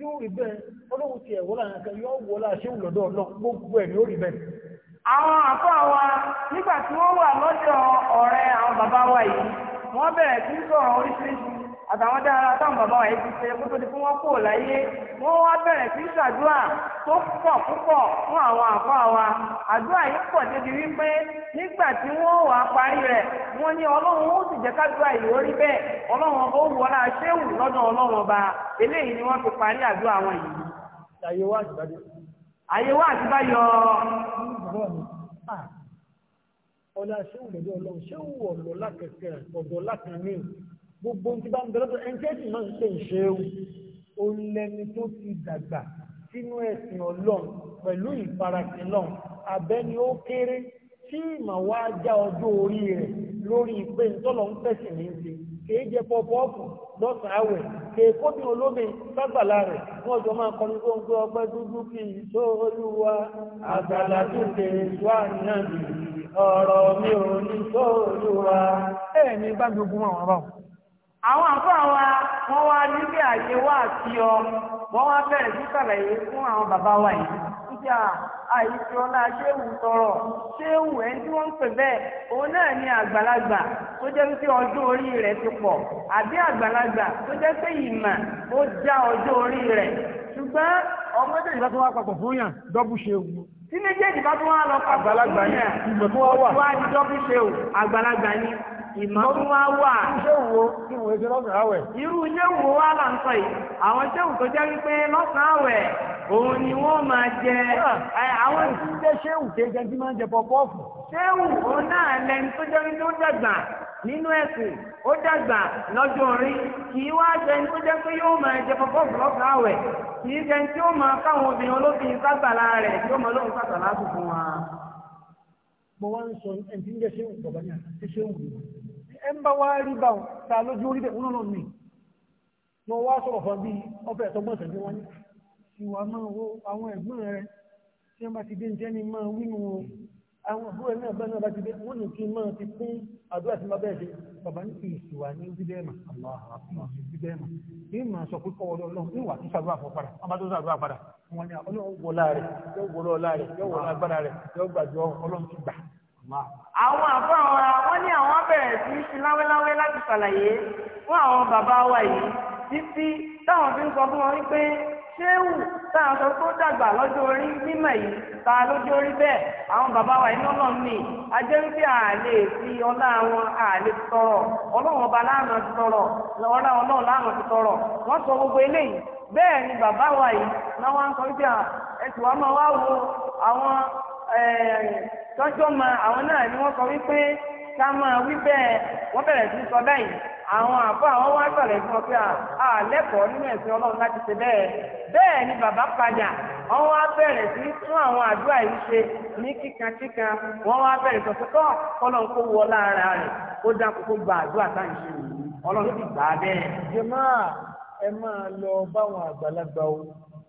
yóò rí bẹ́ẹ̀ ọlọ́run ti ẹ̀wọ́ láàrin kan yóò wọ́ láà ṣé ìlọ́dọ̀ ọlọ́run ó rí bẹ́ẹ̀. àwọn àfọ wa nígbà tí wọ́n wà lọ́dọ̀ ọ̀rẹ́ àwọn bàbá wa yìí wọ́n bẹ̀rẹ̀ sí sọ̀rọ̀ oríṣiríṣi àtàwọn dára táwọn bàbá wọn yìí ti ṣe kó tó di fún wọn kó láyé wọn wá bẹ̀rẹ̀ sí ṣàdúrà tó pọ̀ púpọ̀ fún àwọn àfa wa àdúrà yìí pọ̀ débi wípé nígbà tí wọ́n wà parí rẹ̀ wọ́n ní ọlọ́run ó sì kádùá rí ọba ó wọlá ṣéwù ọba ni wọn yìí. àyè wá àtibáyọ. ọlá ṣéwù ṣéwù gbogbo ní ti bá ń bẹ̀rẹ̀ tó ẹni tí ẹ̀sìn máa ń pè ń ṣe o ó lẹ́ni tó ti dàgbà sínú ẹ̀sìn ọlọ́run pẹ̀lú ìfarasìn náà abẹ́ni ó kéré tí ìmọ̀ wá já ọjọ́ orí rẹ̀ lórí pé ntọ́lọ̀ ń pẹ̀sìn ní ti kèé jẹ pọpọ́ọ̀pù lọ́sàn-án àwẹ̀ kèé kóbi olómi sábàlá rẹ̀ fún ọjọ́ máa kọ́ ní gbóngbó ọgbẹ́ dúdú kí ìṣó olúwa àgbàlá tó wà náà ọ̀rọ̀ mi ò ní sọ olúwa. ẹ ní bá mi ogun àwọn ọba wọn àwọn àfáà wa wọ́n wá nílé àyè wá àti ọ wọ́n wá bẹ̀rẹ̀ sí sàlàyé fún àwọn bàbá wa yìí níjà àìsí ọlá ṣéwù tọrọ ṣéwù ẹ̀ tí wọ́n ń pè bẹ́ẹ̀ òun náà ni àgbàlagbà tó jẹ́ pé ọjọ́ orí rẹ̀ ti pọ̀ àbí àgbàlagbà tó jẹ́ pé ìmọ̀ ó já ọjọ́ orí rẹ̀ ṣùgbọ́n ọmọdé ìgbà tó wá papọ̀ fún yàn dọ́bù ṣéwù tí méjèèjì bá tún wá lọ papọ̀ fún yàn àgbàlagbà ni ìgbà tó wá wà ìmọ̀rú wá wà. irú iṣẹ́ wo wá là ń sọ yìí àwọn iṣẹ́ wò tó jẹ́ wípé lọ́sàn-án àwẹ̀ òun ni wọ́n máa jẹ. àwọn ìṣiṣẹ́ ṣéwù kéjẹ tí máa ń jẹ pọpọ́ọ̀fù. ṣéwù òun náà lẹni tó jẹ́ wípé ó dàgbà nínú ẹ̀sìn ó dàgbà lọ́jọ́ orí kì í wá jẹ ní tó jẹ́ pé yóò máa jẹ pọpọ́ọ̀fù lọ́sàn-án àwẹ̀ kì í jẹ tí ó máa káwọn obìnrin olóbìnrin sábàlá rẹ̀ tí ó máa lóun sábàlá tuntun wa. mo wá ń sọ ẹni tí ń jẹ ṣéwù bàbá ní àti ṣéwù yìí ẹ ń bá wá rí bá wọn ta lójú orí bẹ̀ wọn náà mi mo wá sọ̀rọ̀ fún bí ọbẹ̀ ẹ̀tọ́gbọ̀n ṣẹ̀dí wọn ní ìwà máa wo àwọn ẹ̀gbọ́n rẹ tí wọ́n bá ti dé jẹ́ ni máa wínú wọn àwọn àbúrò náà bẹ́ẹ̀ náà bá ti dé wọ́n ní kí n máa ti kún àdúrà tí wọ́n bẹ́ẹ̀ ṣe bàbá ní kì í sì wà ní bíbẹ́ mà bíbẹ́ mà kí n máa sọ pé kọ́ ọlọ́run ní ìwà tó ṣàdúrà fún padà wọ́n bá àwọn àbúrò wa wọ́n ní àwọn bẹ̀rẹ̀ sí í fi láwéláwé láti ṣàlàyé fún àwọn bàbá wa yìí títí táwọn fi ń sọ fún wọn wípé ṣéwù táwọn sọ tó dàgbà lọ́jọ́ orí mímọ̀ yìí ta lójú orí bẹ́ẹ̀ àwọn bàbá wa iná náà nì ajẹ́ wípé àlè fi ọlá wọn àlè ti tọrọ ọlọ́run ọba láàmú ti tọrọ ọlá ọlọ́run láàmú ti tọrọ wọ́n sọ gbogbo eléyìí bẹ́ẹ̀ ni bàbá wa yìí náà wá ń sọ wípé ẹ̀sùn wa máa wá wo àwọn tọ́jọ́ ma àwọn náà ni wọ́n sọ wípé ká máa wí bẹ́ẹ̀ wọ́n bẹ̀rẹ̀ sí sọ báyìí àwọn àbọ̀ àwọn wá sọ̀rọ̀ fún ọ pé nínú ẹ̀sìn ọlọ́run láti bẹ́ẹ̀ ni bàbá padà wọ́n wá bẹ̀rẹ̀ sí fún àwọn àdúrà yìí ṣe ní kíkankíkan wá bẹ̀rẹ̀ sọ pé kọ́ ọlọ́run kó wọ lára rẹ̀ dá kókó gba àdúrà tá à ń ṣe ọlọ́run ti gbà bẹ́ẹ̀. jẹ́ máa ẹ máa lọ báwọn àgbàlagbà o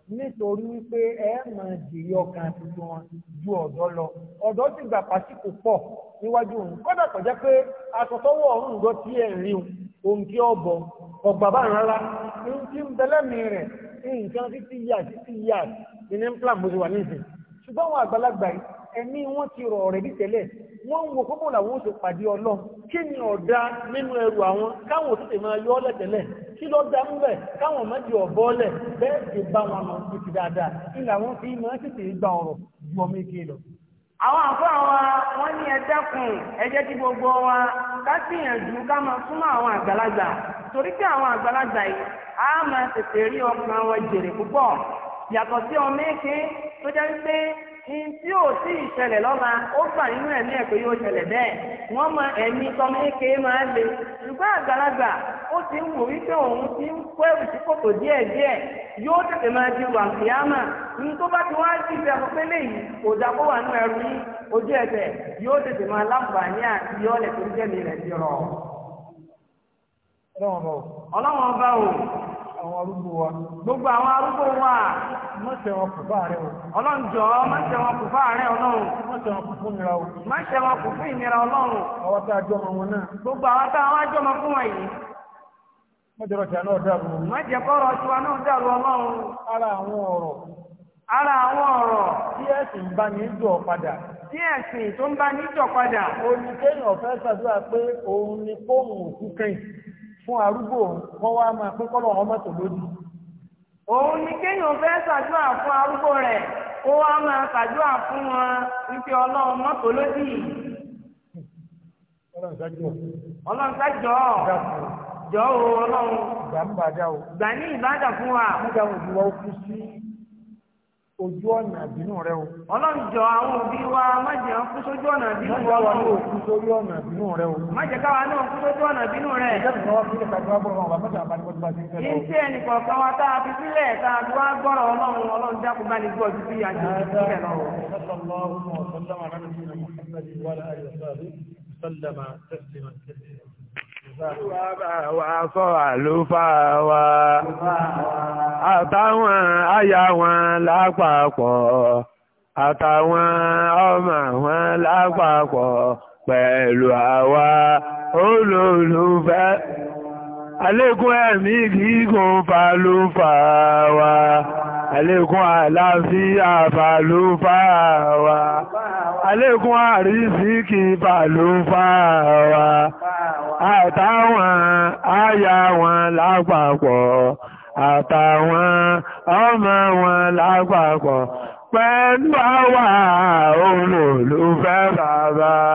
nítorí wípé ẹ máa dìrí ọkàn tuntun wọn ju ọ̀dọ́ lọ ọ̀dọ́ sì gbà pàṣípò pọ̀ níwájú òun kọ́dà kò jẹ́ pé asọ̀tọ́wọ́ ọ̀run gbọ́ tí ẹ̀ ń rí ohun kí ọ bọ̀ ọgbà bá rárá ohun tí ń bẹlẹ́mì rẹ̀ nǹkan títí yà títí yà ní ní plan bó ti wà nísìn ṣùgbọ́n àwọn àgbàlagbà yìí ẹ̀mí wọn ti rọ̀ rẹ̀ bí tẹ́lẹ̀ wọ́n ń wo kókò làwọn oṣù pàdé ọlọ́run kí ni ọ̀dá nínú ẹrù àwọn káwọn òtútù máa yọ ọ́lẹ̀ tẹ́lẹ̀ kí ló dá ń bẹ̀ káwọn mẹ́jì ọ̀bọ́ọ̀lẹ̀ bẹ́ẹ̀ ti bá wọn lọ sí ti dáadáa kí làwọn fi máa tètè gba ọ̀rọ̀ ju ọmọ ike lọ. àwọn àfọ wa wọn ní ẹ dẹ́kun ẹ jẹ́ kí gbogbo wa ká gbìyànjú ká máa súnmọ́ àwọn àgbàlagbà torí pé àwọn àgbàlagbà yìí á máa tètè rí ọkàn ntí ò sí ìṣẹ̀lẹ̀ lọ́la ó gbà nínú ẹ̀mí ẹ̀ pé yóò ṣẹlẹ̀ bẹ́ẹ̀ wọ́n mọ ẹ̀mí tọmọ eke máa le ṣùgbọ́n àgbàlagbà ó ti ń wò wípé òun ti ń kó ẹ̀rù sí kòtò díẹ̀ díẹ̀ yóò tètè máa di ní tó bá ti wá sí ìfẹ́ àkọ́kọ́ léyìí kò dà kó wà nínú ẹrù yìí ojú ẹsẹ̀ yóò tètè máa láǹfààní ti rọ̀ o àwọn arúgbó wa gbogbo àwọn arúgbó wa má wọn kù o wọn kù fún ọlọ́run wọn kù fún ìnira o wọn kù fún ìnira ọlọ́run àwọn wọn náà gbogbo àwọn tá wọn yìí náà dàrú kọ́rọ̀ náà dàrú ọlọ́run ara àwọn ọ̀rọ̀ ara fún arúgbó wọn wá máa pé kọ́lọ̀ lódì. òun ni kéèyàn fẹ́ ṣàdúrà fún arúgbó rẹ̀ wá máa ṣàdúrà fún wọn wípé lódì. ọlọ́run o ọlọ́run. gbà ní ìbàdàn fún wa. ojú ọ̀nà àbínú rẹ o. ọlọ́run jọ àwọn òbí wa má jẹ́ wọn kú sójú ọ̀nà àbínú rẹ o. má jẹ́ káwa náà kú sórí ọ̀nà àbínú rẹ o. má jẹ́ káwa náà kú sójú ọ̀nà àbínú rẹ. ìjọba ìjọba fi lè kàdúrà gbọ́dọ̀ wọn bá mọ́tò àbáníkọ́ tó bá ti ń fẹ́ lọ. iṣẹ́ ẹnìkọ̀ọ̀kan wa tá a fi sílẹ̀ tá a dúró gbọ́rọ̀ ọlọ́run ọlọ́run dákú bá ní gbọ́ ju bí a ṣe ń fẹ́ lọ. sallama taslima kathira Wà sọ àlùfáà wa, àtàwọn aya wọn lápapọ̀, àtàwọn ọmọ wọn lápapọ̀ pẹ̀lú àwa olólùfẹ́. Àlékún ẹ̀mí gígùn fàlùfáà wa àlékún àlàáfíà pàlú fáwà àlékún àrísíkì pàlú fáwà àtàwọn aya wọn lápapọ̀ àtàwọn ọmọ wọn lápapọ̀ pẹ̀lú àwa olùlùfẹ́ bàbá